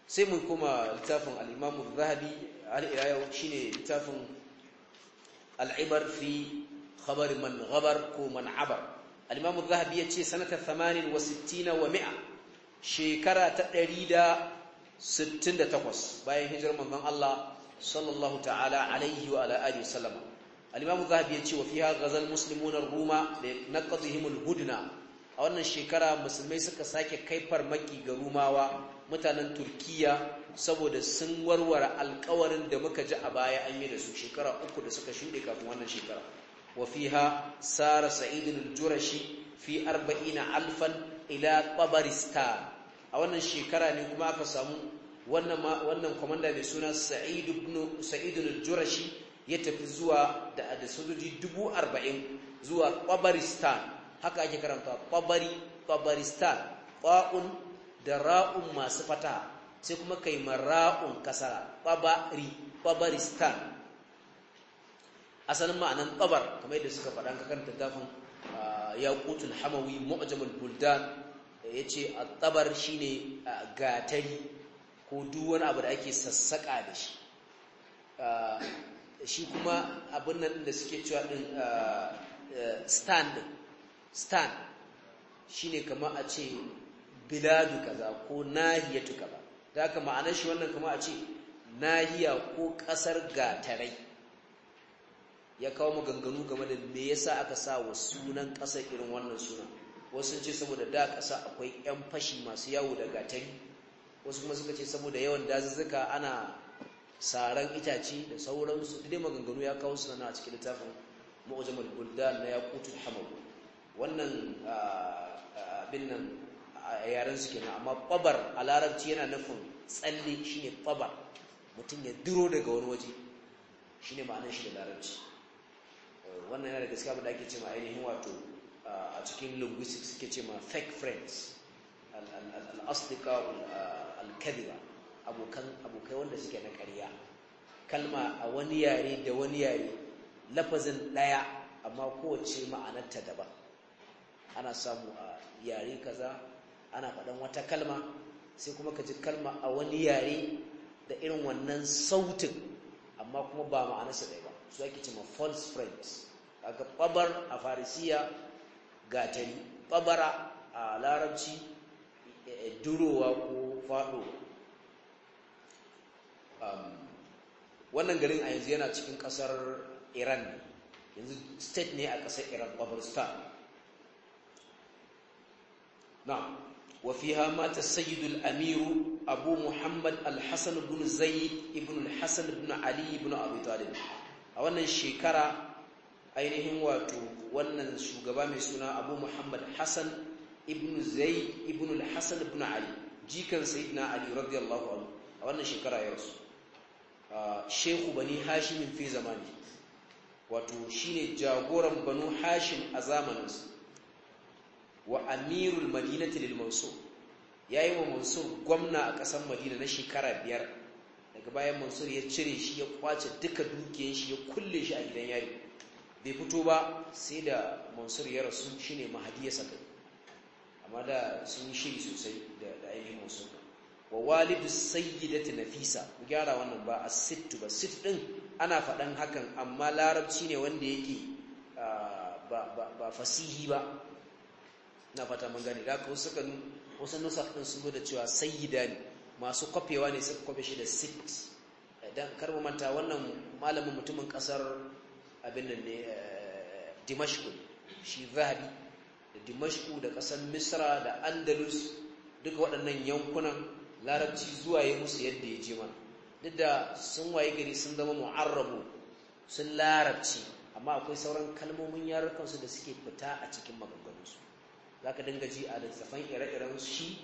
sai mun koma littafin al zahabi har shi ne littafin al'ibar fi khabar man ghabar ko man abar al-imam ya ce yace sanata 68 wa mi'a shekara ta 168 bayan hijirar manzon Allah sallallahu ta'ala alaihi wa ala alihi wasallam al-imam az-zahabi yace wa fiha ghazal muslimuna na ruma bi naqdihim a wannan shekara musulmai suka sake kai farmaki ga rumawa mutanen turkiya saboda sun warware alkawarin da muka ji a baya an yi da su shekara uku da suka shuɗe kafin wannan shekara Wafiha وفيها سار سعيد الجرشي في أربعين A wannan shekara ne kuma aka samu wannan kwamandan mai suna sa'idun jurashi ya tafi zuwa da sojoji dubu arba'in zuwa kwabaristan haka ake karanta kwabari kwabaristan ƙwa'un da ra'un masu fataha, sai kuma kai mara'un ƙasa. kwabari kwabaristan asalin ma'anan tsabar kamar yadda suka faɗa ka karanta ya yaqutul hamawi mu'jamul buldan yace at shi ne gatari ko duk abu da ake sassaƙa da shi shi kuma abin nan da suke cewa ɗin stand stand ne kama a ce biladu kaza ko nahiyatu kaza da haka ma'anar shi wannan kama a ce nahiya ko ƙasar gatarai ya kawo maganganu game da me yasa aka sa wa sunan ƙasar irin wannan sunan wasu ce saboda da ƙasa akwai 'yan fashi masu yawo da gatari wasu kuma suka ce saboda yawan dazuzzuka ana saran itace da sauransu dai maganganu ya kawo sunana a cikin littafin mu'jamul buldan na yaqutul hamal wannan abin nan yaran su kenan amma qabar a larabci yana nufin tsalle shine qabar mutum ya duro daga wani waje shine ma'anar shi da larabci wannan yana da gaskiya ba da ake cewa ainihin wato a cikin linguistics suke cewa fake friends al-asdiqa al-kadhiba abokan abokai wanda suke na ƙarya kalma a wani yare da wani yare lafazin ɗaya amma kowace ma'anar ta daban ana samu a yare kaza ana faɗan wata kalma sai kuma ka ji kalma a wani yare da irin wannan sautin amma kuma ba ma'anarsa ɗaya ba su ake cewa false friends kaga babar a farisiya gatari babara a larabci eh, eh, durowa ko faɗo. Um, wannan garin a yanzu yana cikin ƙasar iran yanzu state ne a ƙasar iran babarstan na wafiha mata sayidul amiru abu muhammad alhassan bin zai ibn alhassan bin ali ibn abu talib a wannan shekara ainihin wato wannan shugaba mai suna abu muhammad hassan ibn zai ibn al-hassan ibn ali jikan sayyidina ali radiyallahu anhu a wannan shekara ya rasu shehu bani hashimin fi zamani wato shine jagoran banu hashim a zamaninsa wa amirul madinati lil mansur yi wa mansur gwamna a ƙasar madina na shekara biyar daga bayan mansur ya cire shi ya kwace duka dukiyar shi ya kulle shi a gidan yari bai fito ba sai da mansur ya rasu shi ne mahadi ya saka amma da sun yi shiri sosai da ainihin mansur wa walidu ta nafisa ku gyara wannan ba a sittu ba sit ɗin. ana faɗan hakan amma larabci ne wanda yake ba fasihi ba na fata mun gani. da kuma suka wasu nusaf ɗin sun da cewa da ne masu kwafewa ne suka kwafe shi da sit dan karbamanta manta wannan malamin mutumin ƙasar. abin nan ne eh, dimashku shi zahabi da dimashku da ƙasar misra da andalus duka waɗannan yankunan larabci zuwa ya musu yadda ya je mana duk da sun waye gari sun zama mu'arrabu sun larabci amma akwai sauran kalmomin yarukansu da suke fita a cikin maganganunsu za ka dinga ji a littattafan ire-iren shi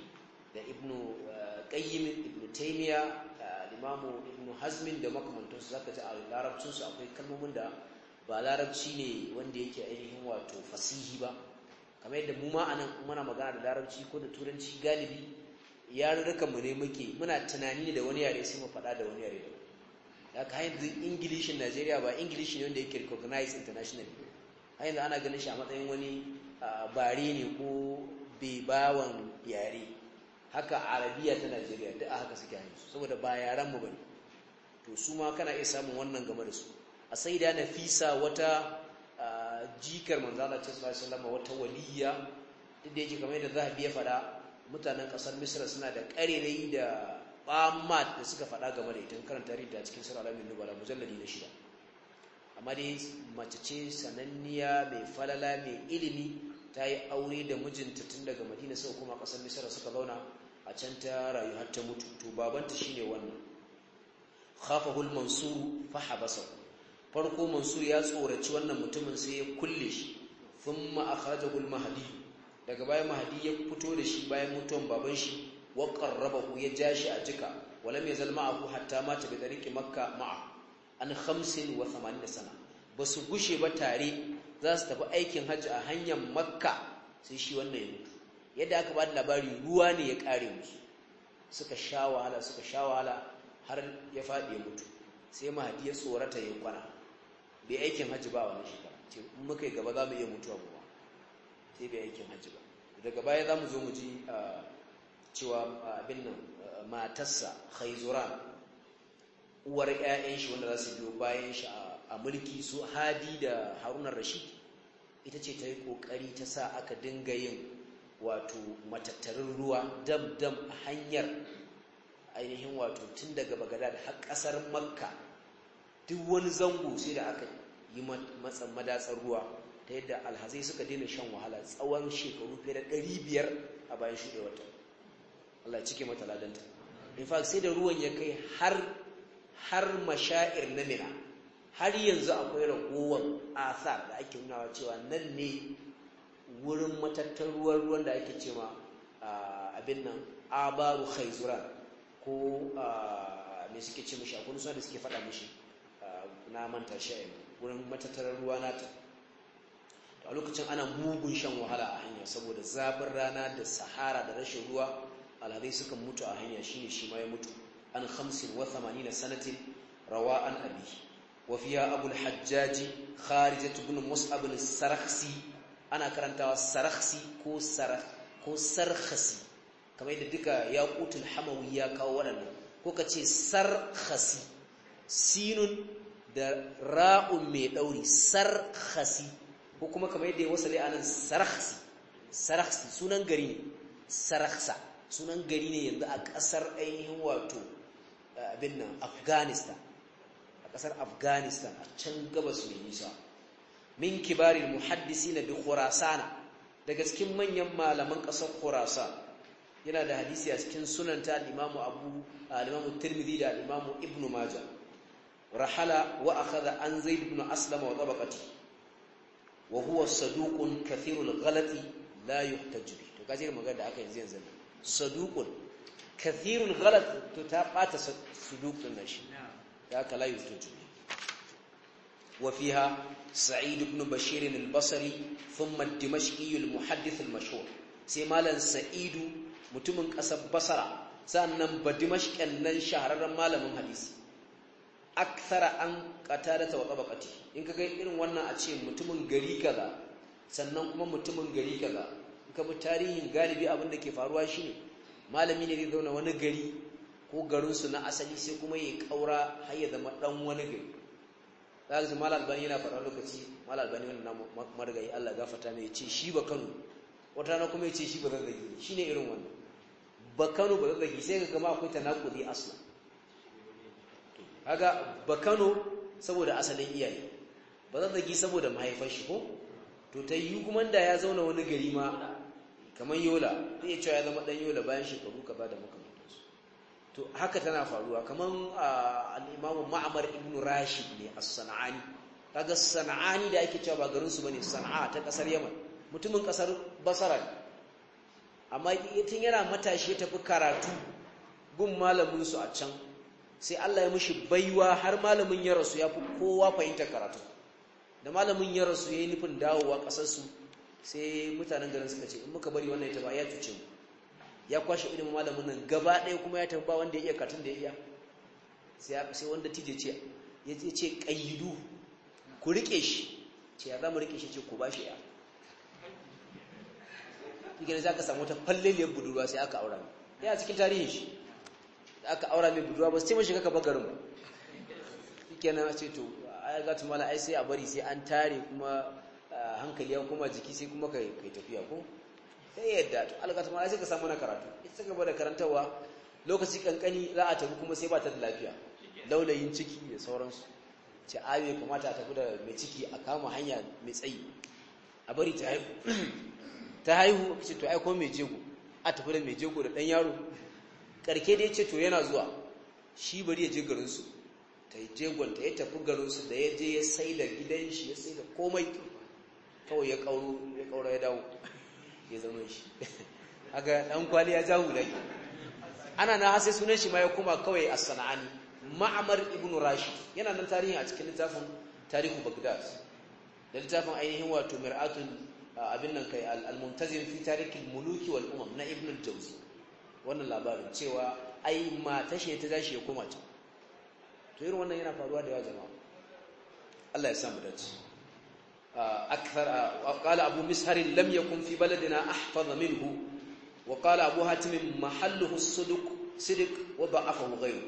da ibnu eh, qayyim ibnu Taimiyya da imamu ibnu hazmin da makamantansu za ka ji a larabcinsu akwai kalmomin da ba larabci ne wanda yake ainihin wato fasihi ba kamar yadda mu ma anan muna magana da larabci ko da turanci galibi yarurrukan mu ne muke muna tunani da wani yare sai mu faɗa da wani yare da haka yanzu ingilishin Najeriya ba English ne wanda yake recognize international har yanzu ana ganin shi a matsayin wani bare ne ko bebawan yare haka arabiya ta Najeriya duk haka suke yanzu. saboda ba yaran mu ne. to su ma kana iya samun wannan game da su a saida nafisa wata jikar manzana ta sallallahu salama wata waliya duk yake kamar yadda zahabi ya faɗa mutanen kasar Misira suna da karerai da ɓama da suka faɗa game da ita karanta rida cikin sura alamin nubala mujalladi na shida amma dai mace ce sananniya mai falala mai ilimi ta yi aure da mijinta tun daga madina sau kuma ƙasar misra suka zauna a can ta rayu har ta mutu to babanta shine wannan khafahul mansur fa habasahu farko mansur ya tsoraci wannan mutumin sai ya kulle shi thumma akhrajahu al-mahdi daga bayan mahdi ya fito da shi bayan mutuwan baban shi wa ku ya ja shi a jika walam yazal ku hatta mata bi tariqi makka ma'a an da sana Ba su gushe ba tare za su tafi aikin hajji a hanyar makka sai shi wannan ya mutu yadda aka ba da labari ruwa ne ya kare musu suka sha wahala suka sha wahala har ya faɗi ya mutu sai mahadi ya tsorata ya kwana bai aikin hajji ba wani shekara ce muka yi gaba za mu iya mutuwa ba, sai bai aikin hajji ba daga baya za mu zo mu ji cewa abin nan matarsa khaizuran uwar 'ya'yan shi wanda za su biyo bayan shi a mulki su hadi da harunan rashi ita ce ta yi ƙoƙari ta sa aka dinga yin wato matattarin ruwa dam-dam a hanyar ainihin wato tun daga bagadad har ƙasar makka duk wani zango sai da aka yi matsan madatsar ruwa ta yadda alhazai suka daina shan wahala tsawon shekaru fiye da ɗari biyar a bayan shuɗe wata Allah cike mata ladanta in fact sai da ruwan ya kai har har masha'ir na mina har yanzu akwai ragowar asar da ake nunawa cewa nan ne wurin matattar ruwan ruwan da ake cewa abin nan abaru khaizura ko me suke ce mashi akwai suna da suke faɗa mishi na manta shi a yanzu wurin matattarar ruwa na ta a lokacin ana mugun shan wahala a hanya saboda zafin rana da sahara da rashin ruwa alhazai suka mutu a hanya shine shi ma ya mutu an hamsin wa thamanina sanatin rawa an abi wa fiya abul hajjaji kharijat ibn mus'ab ibn ana karantawa sarakhsi ko sarakh ko sarkhasi kamar yadda duka yaqutul hamawi ya kawo waɗannan ko kace sarkhasi sinun da ra'un mai ɗauri sarkhasi ko kuma kamar yadda ya wasale anan sarkhasi sarkhasi sunan gari ne sarkhsa sunan gari ne yanzu a ƙasar ainihin wato abin nan afghanistan a ƙasar afghanistan a can gabas mai nisa min kibarin muhaddisi na duk khurasana daga cikin manyan malaman ƙasar khurasan yana da hadisi a cikin sunanta Limamu imamu abu al-imamu da al ibnu majah rahala wa akhadha an zaid ibn aslam wa tabaqati wa huwa saduqun kathirul ghalati to kaje magana da aka yanzu yanzu saduqun kathirul ghalat to ta bata saduqun nashi da aka la yuhtaju bi وفيها سعيد بن بشير البصري ثم الدمشقي المحدث المشهور سيمالا سعيد متمن قصب بصرة sannan ba nan shahararren malamin hadisi akthara an ta wa bakati in ka kai irin wannan a ce mutumin gari kaza sannan kuma mutumin gari kaza in ka bi tarihin galibi abin da ke faruwa shine malami ne zai zauna wani gari ko garin su na asali sai kuma ya kaura har ya zama dan wani gari zaka ji malal albani yana faɗa lokaci malal albani na margayi Allah ne mai ce shi ba Kano wata na kuma ya ce shi ba zazzagi ne irin wannan ba Kano ba zazzagi sai ka ga ma akwai kudi aslan kaga kano saboda asalin iyaye ba zagi saboda mahaifar shi ko to ta yi kuma ya zauna wani gari ma kamar yola zai cewa ya zama dan yola bayan shekaru ka ba da makamantarsu to haka tana faruwa kamar al'imamu ma'amar ibn rashid ne a sana'ani kaga sana'ani da ake cewa ba garinsu ba ne sana'a ta kasar yaman mutumin kasar basara amma tun yana matashi ya tafi karatu gun malaminsu a can sai Allah ya mushi baiwa har malamin ya rasu ya fi kowa fahimta karatu da malamin ya rasu ya yi nufin dawowa ƙasarsu sai mutanen garin suka ce in muka bari wannan ya taba ya cuce mu ya kwashe ilimin malamin nan gaba ɗaya kuma ya ba wanda ya iya katun da ya iya sai wanda tije ce ya ce ƙayyidu ku riƙe shi ce ya za mu riƙe shi ce ku ba shi ya kike ne za ka samu ta liyar budurwa sai aka aura ya cikin tarihin shi aka aura mai budurwa ba sai mashi shiga bagarin ba kenan a ce to ai ga tumala ai sai a bari sai an tare kuma hankali ya kuma jiki sai kuma kai tafiya ko sai yadda to alga tumala sai ka samu na karatu ita gaba da karantawa lokaci kankani za a tafi kuma sai ba ta da lafiya laulayin ciki da sauransu ce abe kamata a tafi da mai ciki a kama hanya mai tsayi a bari ta haihu ta haihu ce to ai ko mai jego a tafi da mai jego da dan yaro karke da ya ce to yana zuwa shi bari ya je garinsu ta yi jegonta ya tafi garinsu da ya je ya sai da gidan shi ya sai da komai kawai ya kauro ya dawo ya zama shi aga dan kwali ya jawo da ana na hasai sunan shi ma ya koma kawai a sana'ani ma'amar ibn rashid yana nan tarihi a cikin littafin tarihu bagdad da littafin ainihin wato mir'atun abin nan kai al-muntazir fi tarihin muluki wal na ibn al wannan labarin cewa ai mata ta tashi ya koma ta to irin wannan yana faruwa da yawa jama'a Allah ya samu dace أكثر قال أبو مسهر لم يكن في بلدنا أحفظ منه وقال أبو هاتم محله الصدق صدق وضعفه غيره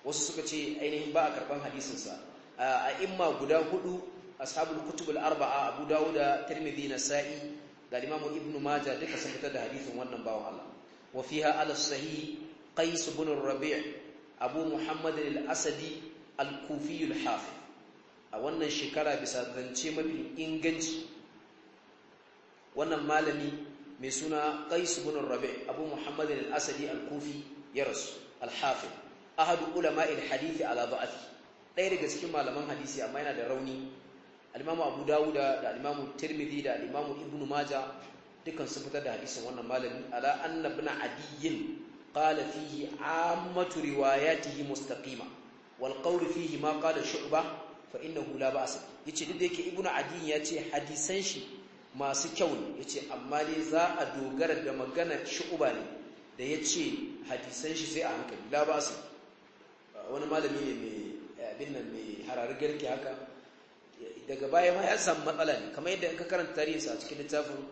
wasu suka ce ainihin ba a karban hadisinsa a imma guda hudu ashabul kutubul arba'a abu dawud da tirmidhi nasa'i da imamu ibnu majah duka suka fitar da hadisin wannan ba Allah وفيها على الصحيح قيس بن الربيع أبو محمد الأسدي الكوفي الحافظ أولا شكرا بسادنتي مبين إنجنج وانا مالمي مسونا قيس بن الربيع أبو محمد الأسدي الكوفي يرس الحافظ أحد علماء الحديث على ضعفه ɗaya daga cikin malaman hadisi amma yana da rauni al-imamu abu dawuda da al-imamu tirmidhi da al-imamu ibnu maja dukan su fitar da hadisin wannan malami ala anna ibn adiyyin qala fihi ammatu riwayatihi mustaqima wal qawl fihi ma qala shu'ba fa innahu la ba'sa yace duk da yake ibn adiyyin yace hadisan shi masu kyau ne yace amma dai za a dogara da magana shu'ba ne da yace hadisan shi sai a hankali la ba'sa wani malami ne mai abin nan mai hararar garki haka daga baya ma ya samu matsala ne kamar yadda in ka karanta tarihinsa a cikin littafin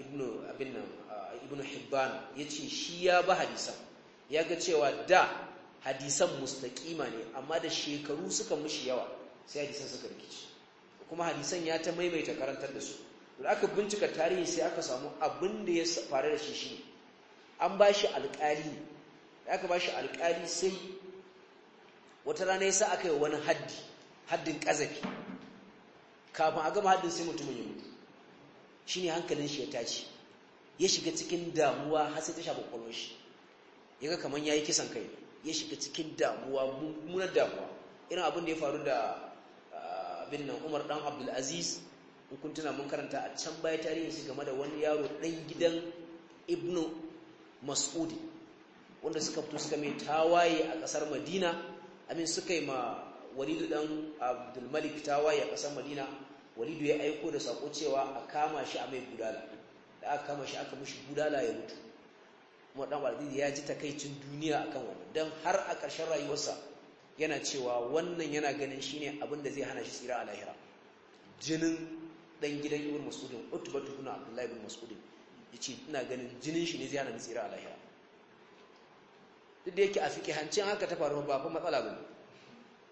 ibnu hibban ya ce shi ya ba hadisan ya ga cewa da hadisan mustaƙima ne amma da shekaru suka mushi yawa sai hadisan suka rikici kuma hadisan ya ta maimaita karantar da su da aka bincika tarihi sai aka samu abin da ya faru da shi shi an ba shi alƙali da aka ba shi alƙali sai wata rana ya sa aka yi wani haddi haddin ƙazafi kafin a gama haddin sai mutumin ya mutu ne hankalin shi ya tashi ya shiga cikin damuwa har sai ta shafa kwallon shi ya ga kamar ya yi kisan kai ya shiga cikin damuwa mummunar damuwa irin abin da ya faru da abin ah, nan umar dan abdulaziz kun tuna mun karanta a can baya tarihin shi game da wani yaro ɗan gidan ibnu mas'udi wanda suka fito suka mai tawaye a ƙasar madina amin suka yi ma walidu dan abdulmalik tawaye a ƙasar madina walidu ya aiko da sako cewa a kama shi a mai budala da aka kama shi aka mushi budala ya mutu kuma dan walidi ya ji takaicin duniya akan wannan dan har a ƙarshen rayuwarsa yana cewa wannan yana ganin shine abin da zai hana shi tsira a lahira jinin dan gidan ibn mas'udin utbatu ibn abdullahi ibn mas'udin yace ina ganin jinin shi ne zai hana ni tsira a lahira duk da yake a fiƙe hancin haka ta faru ba fa matsala bane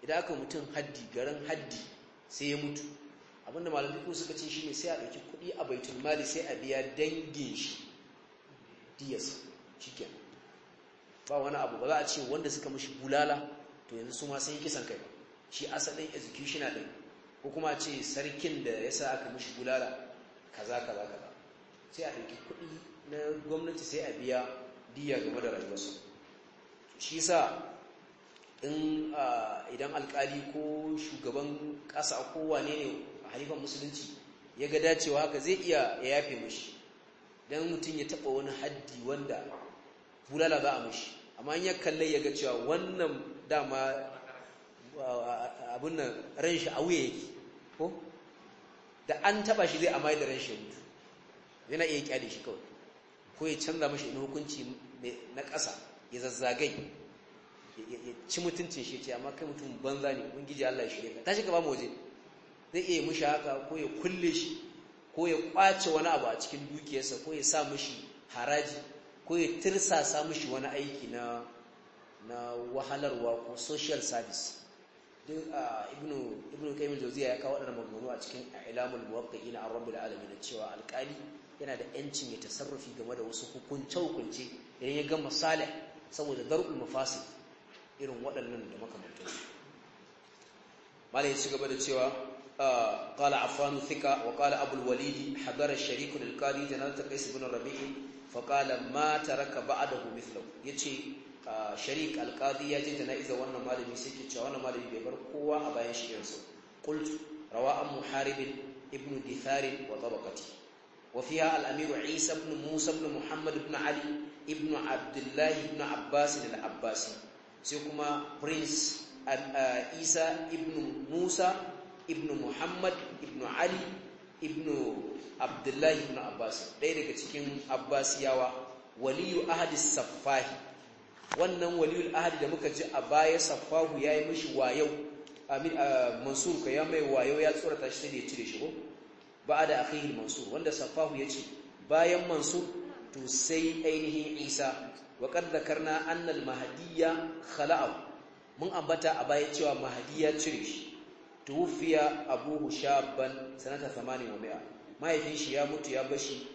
idan aka mutum haddi garin haddi sai ya mutu abinda malamai ko suka ce ne sai a ɗauki kuɗi a baitul mali sai a biya dangin shi diyas cikin ba wani abu ba za a ce wanda suka mushi bulala to yanzu su ma yi kisan kai shi asalin execution din ko kuma ce sarkin da ya sa aka mushi bulala kaza kaza kaza sai a ɗauki kuɗi na gwamnati sai a biya diya game da rayuwarsu shi sa in ah, idan alkali ko shugaban ƙasa ko wane ne halifan musulunci ya ga dacewa haka zai iya ya yafe mashi don mutum ya taɓa wani haddi wanda bulala za a mashi amma ya kallai ya ga cewa wannan dama abin nan ran shi a wuya yake ko da an taɓa shi zai mai da ran shi mutu yana iya kyale shi kawai ko ya canza mashi in hukunci na ƙasa ya zazzagai ya ci mutuncin shi ce amma kai mutum banza ne ubangiji Allah ya shirya ta shi ka ba mu waje zai iya mushi haka ko ya kulle shi ko ya kwace wani abu a cikin dukiyarsa ko ya sa mushi haraji ko ya tirsasa mushi wani aiki na na wahalarwa ko social service duk ibnu ibnu kaimul jawziya ya kawo waɗannan maganganu a cikin ilamul muwaqqi'ina an rabbil alamin cewa alƙali yana da yancin ya tasarrufi game da wasu hukunce hukunce idan ya gama salih saboda darul mafasid irin waɗannan da makamantansu malai ya ci gaba da cewa قال عفان ثقة وقال أبو الوليد حضر الشريك القاضي جنازة قيس بن الربيع فقال ما ترك بعده مثله يتي شريك القاضي يجي جنازة وانا مالي سيكي وانا مالي بيبر قوة أبايا شيئنسو قلت رواء محارب ابن دثار وطبقته وفيها الأمير عيسى بن موسى بن محمد بن علي ابن عبد الله بن عباس العباسي سيكما برنس عيسى ابن موسى ibn muhammad ibn ali ibn abdullahi ibn abbas ɗaya daga cikin abbasiyawa waliyu ahadi saffahi wannan waliyul ahadi da muka ji a baya saffahu ya yi mashi wayau amin mansur ka ya mai wayo ya tsorata shi ne ya cire shi ko ba da akhihi mansur wanda saffahu ya ce bayan mansur to sai ainihin isa wa kad dhakarna anna al khala'a mun ambata a baya cewa ya cire shi Tuhufiya, abu shaban sanata samanin wa mi'a mahaifin shi ya mutu ya bashi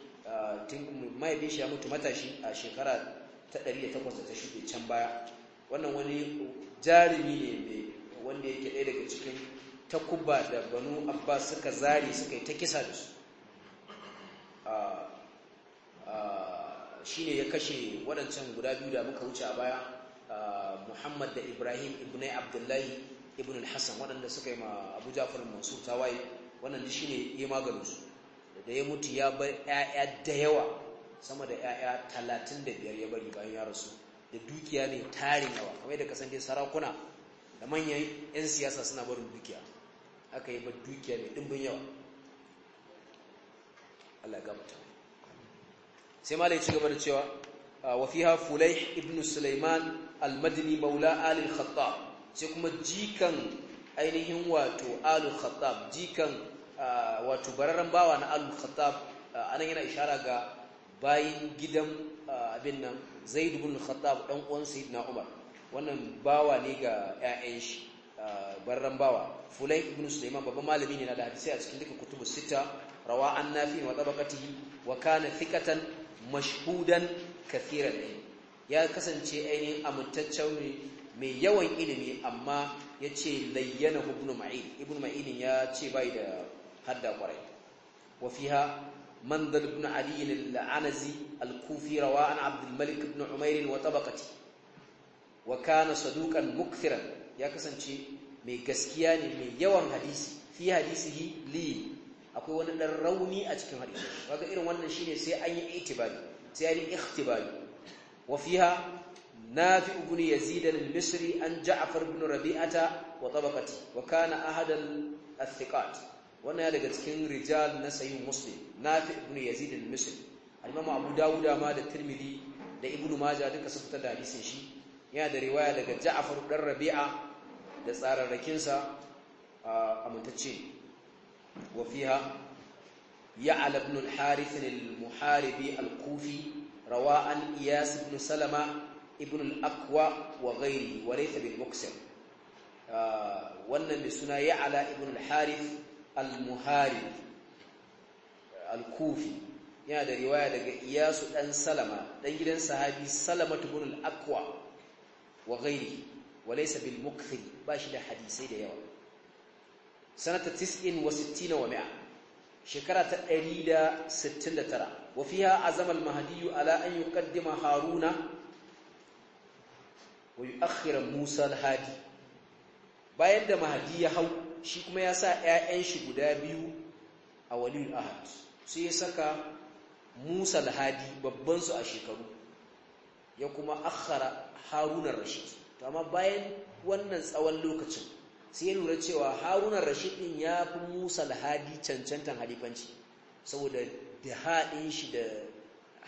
mahaifin shi ya mutu matashi a shekara ta 108 ta can baya wannan wani jarumi ne wanda yake ɗaya daga cikin takuba da banu abba suka zari suka yi ta kisa da su shi ne ya kashe waɗancan guda biyu da muka wuce a baya muhammad da ibrahim ibn abdullahi ibn al-hasan waɗanda suka yi ma abu jafar mansur tawaye wannan shi ne ya maganinsu. da ya mutu ya bar 'ya'ya da yawa sama da 'ya'ya talatin da biyar ya bari bayan ya rasu da dukiya ne tarin yawa kamar da kasance sarakuna da manyan 'yan siyasa suna barin dukiya aka yi bar dukiya mai dimbin yawa Allah gabata sai ma ci gaba da cewa wa fulai ibn sulaiman al-madini maula al-khattab sai kuma jikan ainihin wato al khattab jikan wato bararren bawa na al khattab anan yana ishara ga bayin gidan abin nan zaid ibn khattab dan uwan sayyidina umar wannan bawa ne ga ƴaƴan shi bararren bawa Fulai, ibn sulaiman babban malami ne na da hadisi a cikin duka kutubu sita rawa an nafi wa tabaqatihi wa kana thiqatan mashhudan kathiran ya kasance ainihin amintaccen mai yawan ilimi amma ya ce layyana ibn ma'in ibn ma'in ya ce bai da hadda kwarai wa fiha mandal ibn ali al-anazi al-kufi rawa an abd al-malik ibn umair wa tabaqati wa kana saduqan mukthiran ya kasance mai gaskiya ne mai yawan hadisi fi hadisihi li akwai wani dan rauni a cikin hadisi kaga irin wannan shine sai an yi itibari sai an yi ikhtibari wa fiha نافع بن يزيد المصري عن جعفر بن ربيعة وطبقته وكان أحد الثقات وانا daga cikin rijal na sayyid muslim nafi ibn yazid al-misri al-imam abu dawud ma da tirmidhi da ibn majah duka sun fitar da hadisin shi yana da riwaya daga ja'far dan rabi'a da tsararrakin sa wafiha. wa fiha ya'al ibn al-harith al-muharibi al-kufi rawa an iyas ibn salama ibn al-aqwa wa ghairi wa laysa bil muqsim uh, wannan mai suna ya'ala ibn al-harith al-muhari al-kufi yana da riwaya daga iyasu dan salama dan gidan sahabi salama ibn al-aqwa wa ghairi wa laysa bil muqsim ba da hadisai da yawa sanata 69 wa 100 shekara ta 169 wa fiha azama al-mahdi ala an yuqaddima haruna wa yu'akhkhira Musa al-Hadi bayan da mahadi ya hau shi kuma ya sa 'ya'yan shi guda biyu a wali Ahad sai ya saka Musa al-Hadi babban su a shekaru ya kuma akhara Harunan rashid to amma bayan wannan tsawon lokacin sai ya lura cewa Harunan rashid ya fi Musa al-Hadi cancantan halifanci saboda da haɗin shi da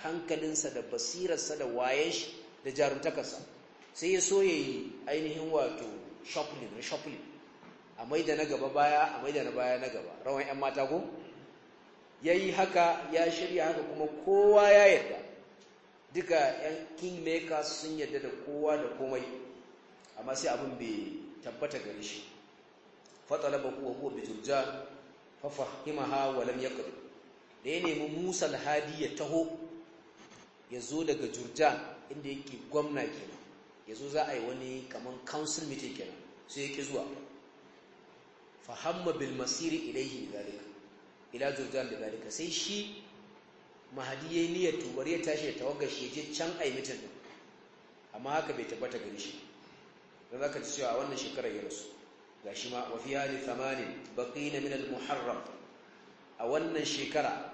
hankalinsa da basirarsa da wayen shi da jarumtakarsa sai ya so ya yi ainihin wato shuffling shoplin. a maida na gaba baya a maida na baya na gaba rawan 'yan mata ko ya yi haka ya shirya haka kuma kowa ya yarda duka 'yan kingmakers sun yarda da kowa da komai amma sai abin bai tabbata gare shi fatsalaba kuwa kuwa bijirja fafahimaha walam ya kudu da ya nemi musa alhadi ya taho ya zo daga jurja inda yake gwamna kenan zo za a yi wani kamar council meeting kenan sai yake zuwa fahamma bil masiri ilayhi zalika ila zurjan da zalika sai shi mahadi yayi niyyar tubar ya tashi da tawaga shi je can ai meeting din amma haka bai tabbata gare shi dan zaka ci cewa wannan shekarar ya rasu shi ma wa fi hali thamanin baqina min al muharram a wannan shekara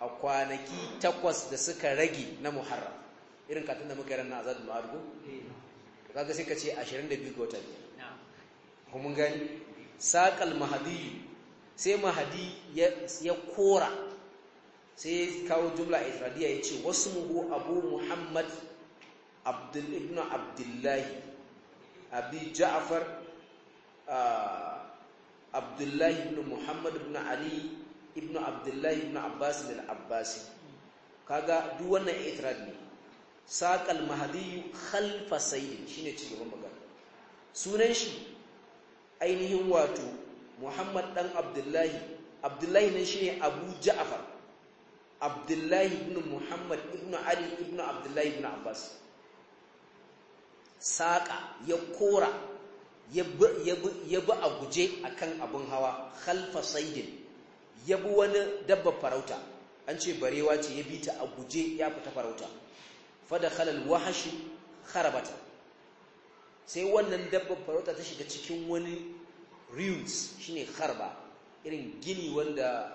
a kwanaki takwas da suka rage na muharram irin katin da muka yi ranar azadu ma'argu kaga sai ka ce 22 ga watan kuma gani saƙal mahadi sai mahadi ya kora sai kawo jumla a ifradiya ya ce wasu muhu abu muhammad ibn abdullahi abi ja'afar abdullahi ibn muhammad ibn ali ibn abdullahi ibn abbas ibn abbasi kaga duk wannan ifrad ne Saƙal mahdi khalfa sayyid shine gaban magana sunan shi ainihin wato Muhammad dan Abdullahi Abdullahi nan shine Abu Ja'far Abdullahi ibn Muhammad ibn Ali ibn Abdullahi ibn Abbas saƙa ya kora ya bi a guje akan abin hawa khalfa sayyid ya bi wani dabba farauta an ce barewa ce ya bi ta a guje ya fita farauta fadakhala alwahsh kharabata sai wannan dabbar farauta ta shiga cikin wani ruins shine kharba irin gini wanda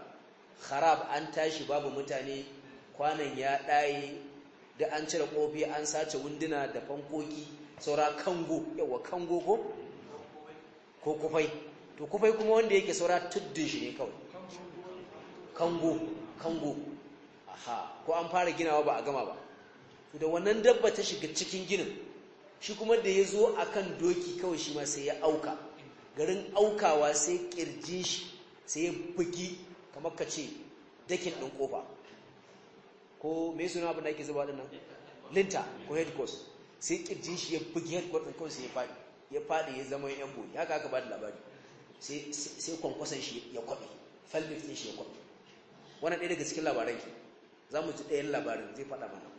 kharab an tashi babu mutane kwanan ya ɗaye da an cire kofi an sace wunduna da fankoki saura kango yawa kango ko ko kufai to kufai kuma wanda yake saura tuddin shi ne kawai kango kango aha ko an fara ginawa ba a gama ba da wannan dabba ta shiga cikin ginin shi kuma da ya zo a kan doki kawai shi ma sai ya auka garin aukawa sai kirji shi sai ya bugi kamar ka ce dakin ɗin ƙofa ko mai suna abin da ake zuba ɗin linta ko head course sai kirji shi ya bugi head course ɗin kawai sai ya faɗi ya faɗi ya zama yan boye haka aka ba da labari sai kwankwasan shi ya kwaɓe falmif ɗin shi ya kwaɓe wannan ɗaya daga cikin ki za mu ji ɗayan labarin zai faɗa mana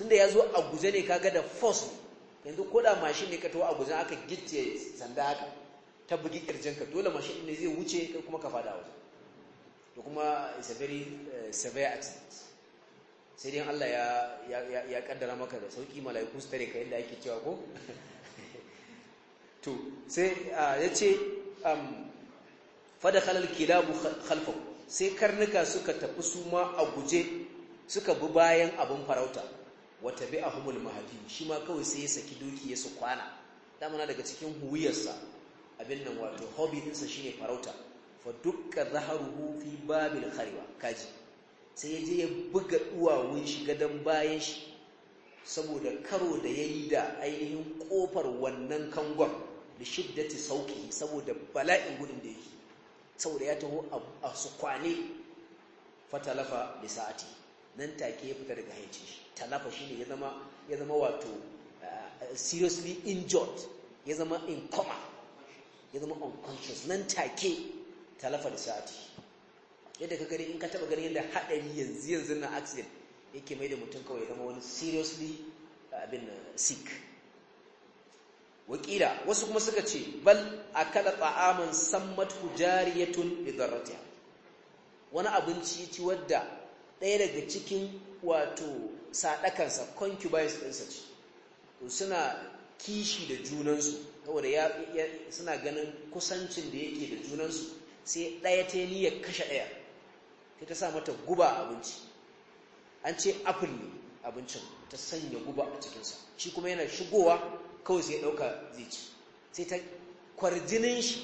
tunda ya zo a ne kaga da force yanzu koda mashin ne ka tawo a aka gicce sanda haka ta bugi kirjinka dole mashin ne zai wuce kai kuma ka fada da kuma is a very eh, severe accident sai dai Allah ya ya kaddara maka da sauki mala'iku su tare ka inda ake cewa ko to sai yace um fadakhala khalal kilabu khalfahu sai karnuka suka tafi su ma a guje suka bi bayan abin farauta wata a tabi'ahumul mahdi shi ma kawai sai ya saki doki ya su kwana damana daga cikin huwiyarsa abin nan wato hobby ɗinsa ne farauta fa dukkan zaharuhu fi babin kariwa kaji sai ya je ya buga duwawun shi don bayan shi saboda karo da ya yi da ainihin kofar wannan kangon da shiddati sauki saboda bala'in gudun da yake saboda ya taho a su kwane fatalafa da sa'ati nan take ya fita daga haice shi talafa shi ne ya zama wato uh, seriously injured ya zama in coma ya zama unconscious nan take talafa da sa'adi yadda ka gani in ka taba ganin yadda haɗari yanzu yanzu na accident yake mai da mutum kawai zama wani seriously uh, abin sick wakila wasu kuma suka ce bal akala ta'aman sammat hujariyatun bi darratiha wani abinci ci wadda ɗaya daga cikin wato saɗakansa concubines ɗinsa ce to suna kishi da junansu saboda suna ganin kusancin da yake da junansu sai ɗaya ta yi ya kashe ɗaya sai ta sa mata guba abinci an ce apple ne abincin ta sanya guba a cikinsa shi kuma yana shigowa kawai sai ɗauka zai ci sai ta kwarjinin shi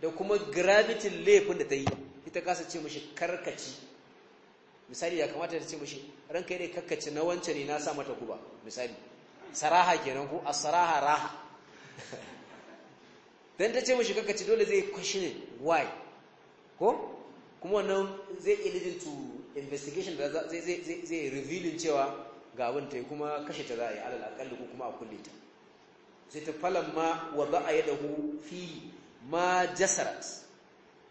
da kuma gravity laifin da ta yi ita kasa ce mashi karkaci misali ya kamata ta ce mishi ranka ne kakkace na wance ne na sa mata guba misali saraha kenan ko asraha saraha raha dan ta ce mishi kakkace dole zai question why ko kuma wannan zai lead to investigation da zai zai zai revealing cewa ga abin ta kuma kashe ta za a yi alal akalli ko kuma a kulle ta sai ta falan ma wa ba a dahu fi ma jasarat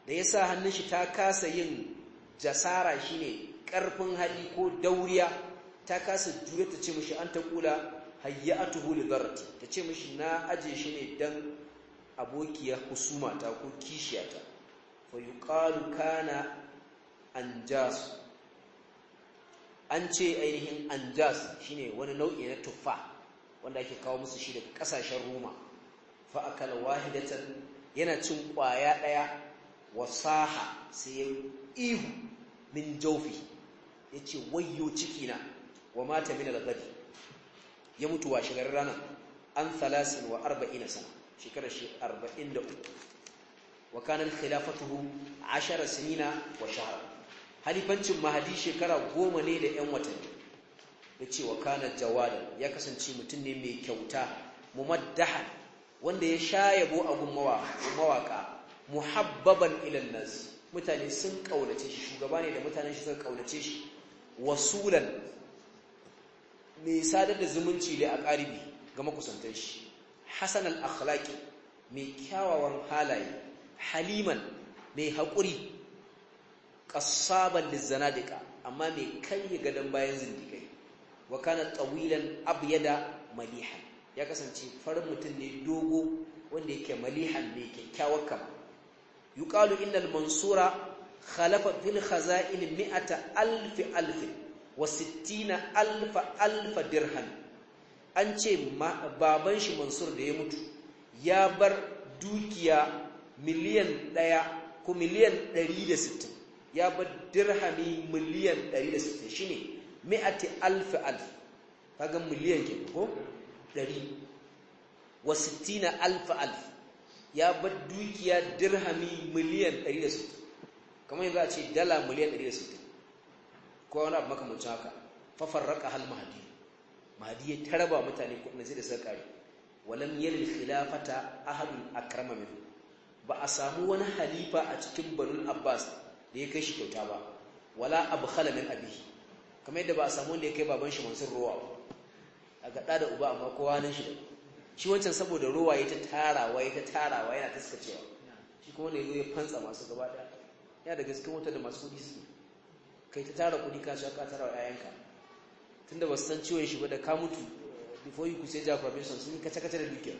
da ya sa hannun shi ta kasa yin jasara shine karfin hali ko dauriya ta kasa jure ta ce mishi an ta kula hayyatuhu da darati ta ce mishi na aje shi ne dan abokiya husuma ko kishiyata fa yuqalu kana anjas an ce ainihin anjas shine wani nau'i na tuffa wanda ake kawo musu shi daga kasashen Roma fa akala wahidatan yana cin kwaya daya wasaha sai ya ihu min jaufi. Ya ce, wayyo ciki na wa mata min al ya mutu wa shigar rana an wa arba'ina sana shekarar shi arba'in da uku wa kana khilafatuhu 10 sinina wa shahara halifancin mahadi shekara goma ne da yan watanni ce, wa kana jawada ya kasance mutum ne mai kyauta mumaddahan wanda ya sha yabo a mawaka muhabbaban ilan nas mutane sun kaunace shi shugaba ne da mutanen shi suka kaunace shi wasulan mai sadar da zumunci da ƙaribi ga makusantar shi hasan al’akhlaƙi mai kyawawan halaye haliman mai haƙuri ƙasaban daga amma mai kanye gadon bayan zindigai wakana kana tsawilan abyada malihan ya kasance farin mutum ne dogo wanda yake malihan mai kyakkyawar kama yuqalu innal mansura khalafa fil khaza'il mi'ata alf alf wa sittina alf alf dirham an ce baban shi Mansur da ya mutu ya bar dukiya miliyan ɗaya ko miliyan ɗari da sittin, ya bar dirhami miliyan ɗari da sittin, 160 shine mi'ati alf alf kaga miliyan ke ko ɗari, wa sittina alf alf ya bar dukiya dirhami miliyan ɗari da sittin. kamar yanzu a ce dala miliyan 160 ko wani abu makamancin haka fafar raka hal mahadi mahadi ya taraba mutane na sai da sarkari walam yalil khilafata ahadun akrama minhu ba a samu wani halifa a cikin banul abbas da ya kai shi kyauta ba wala abu min abihi kamar yadda ba a samu wanda ya kai baban shi mansur ruwa a gaɗa da uba amma kowa nan shi da shi wancan saboda ruwa ya ta tarawa ya ta tarawa yana taskacewa shi kuma ne ya fantsa masu gaba ɗaya ya da gaske wata da masu kuɗi su kai ta tara kudi ka sha ka tara 'ya'yanka tunda ba su san ciwon shi ba da ka mutu before you could say their sun sun kace kace da dukiyar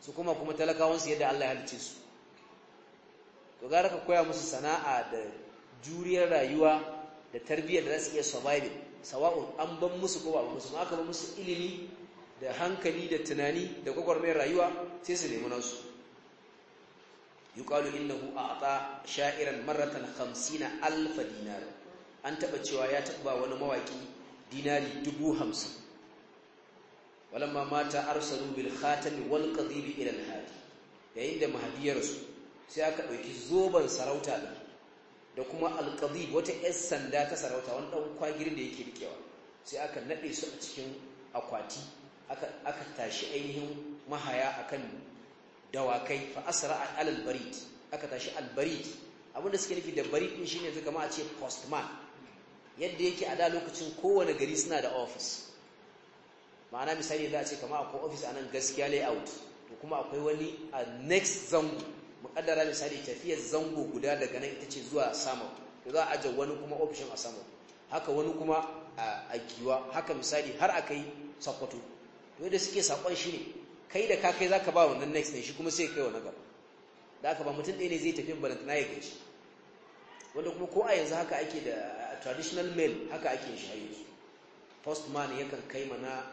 su kuma kuma talakawan su yadda Allah ya halice su to gara ka koya musu sana'a da juriyar rayuwa da tarbiyyar da za su iya surviving sawa'un an ban musu ko ba musu ma aka ban musu ilimi da hankali da tunani da gwagwarmayar rayuwa sai su nemi nasu yuqalu innahu a sha'iran marratan 50 alf dinar an taba cewa ya taba wani mawaki dinari 50 walamma mata arsalu bil khatami wal qadhib ila al hadi yayin da mahdiyar sai aka dauki zoban sarauta din da kuma al qadhib wata yar sanda ta sarauta wani dan kwagirin da yake rikewa sai aka nade su a cikin akwati aka aka tashi ainihin mahaya akan dawakai fa asra al albarid aka tashi al'barid. Abin abinda suke nufi da barid din shine yanzu kamar a ce postman yadda yake a da lokacin kowane gari suna da office ma'ana misali za a ce kamar akwai office anan gaskiya layout to kuma akwai wani a next zango mukaddara misali tafiyar zango guda daga nan ita ce zuwa sama to za a ajiye wani kuma option a sama haka wani kuma a giwa haka misali har akai sakwato to yadda suke sakon shine ne kai da ka kai za ka ba wannan next ne shi kuma sai kai wannan gaba da aka ba mutum ɗaya ne zai tafi balantana ya gaishe wanda kuma ko a yanzu haka ake da traditional mail haka ake shi a yanzu postman yakan kai mana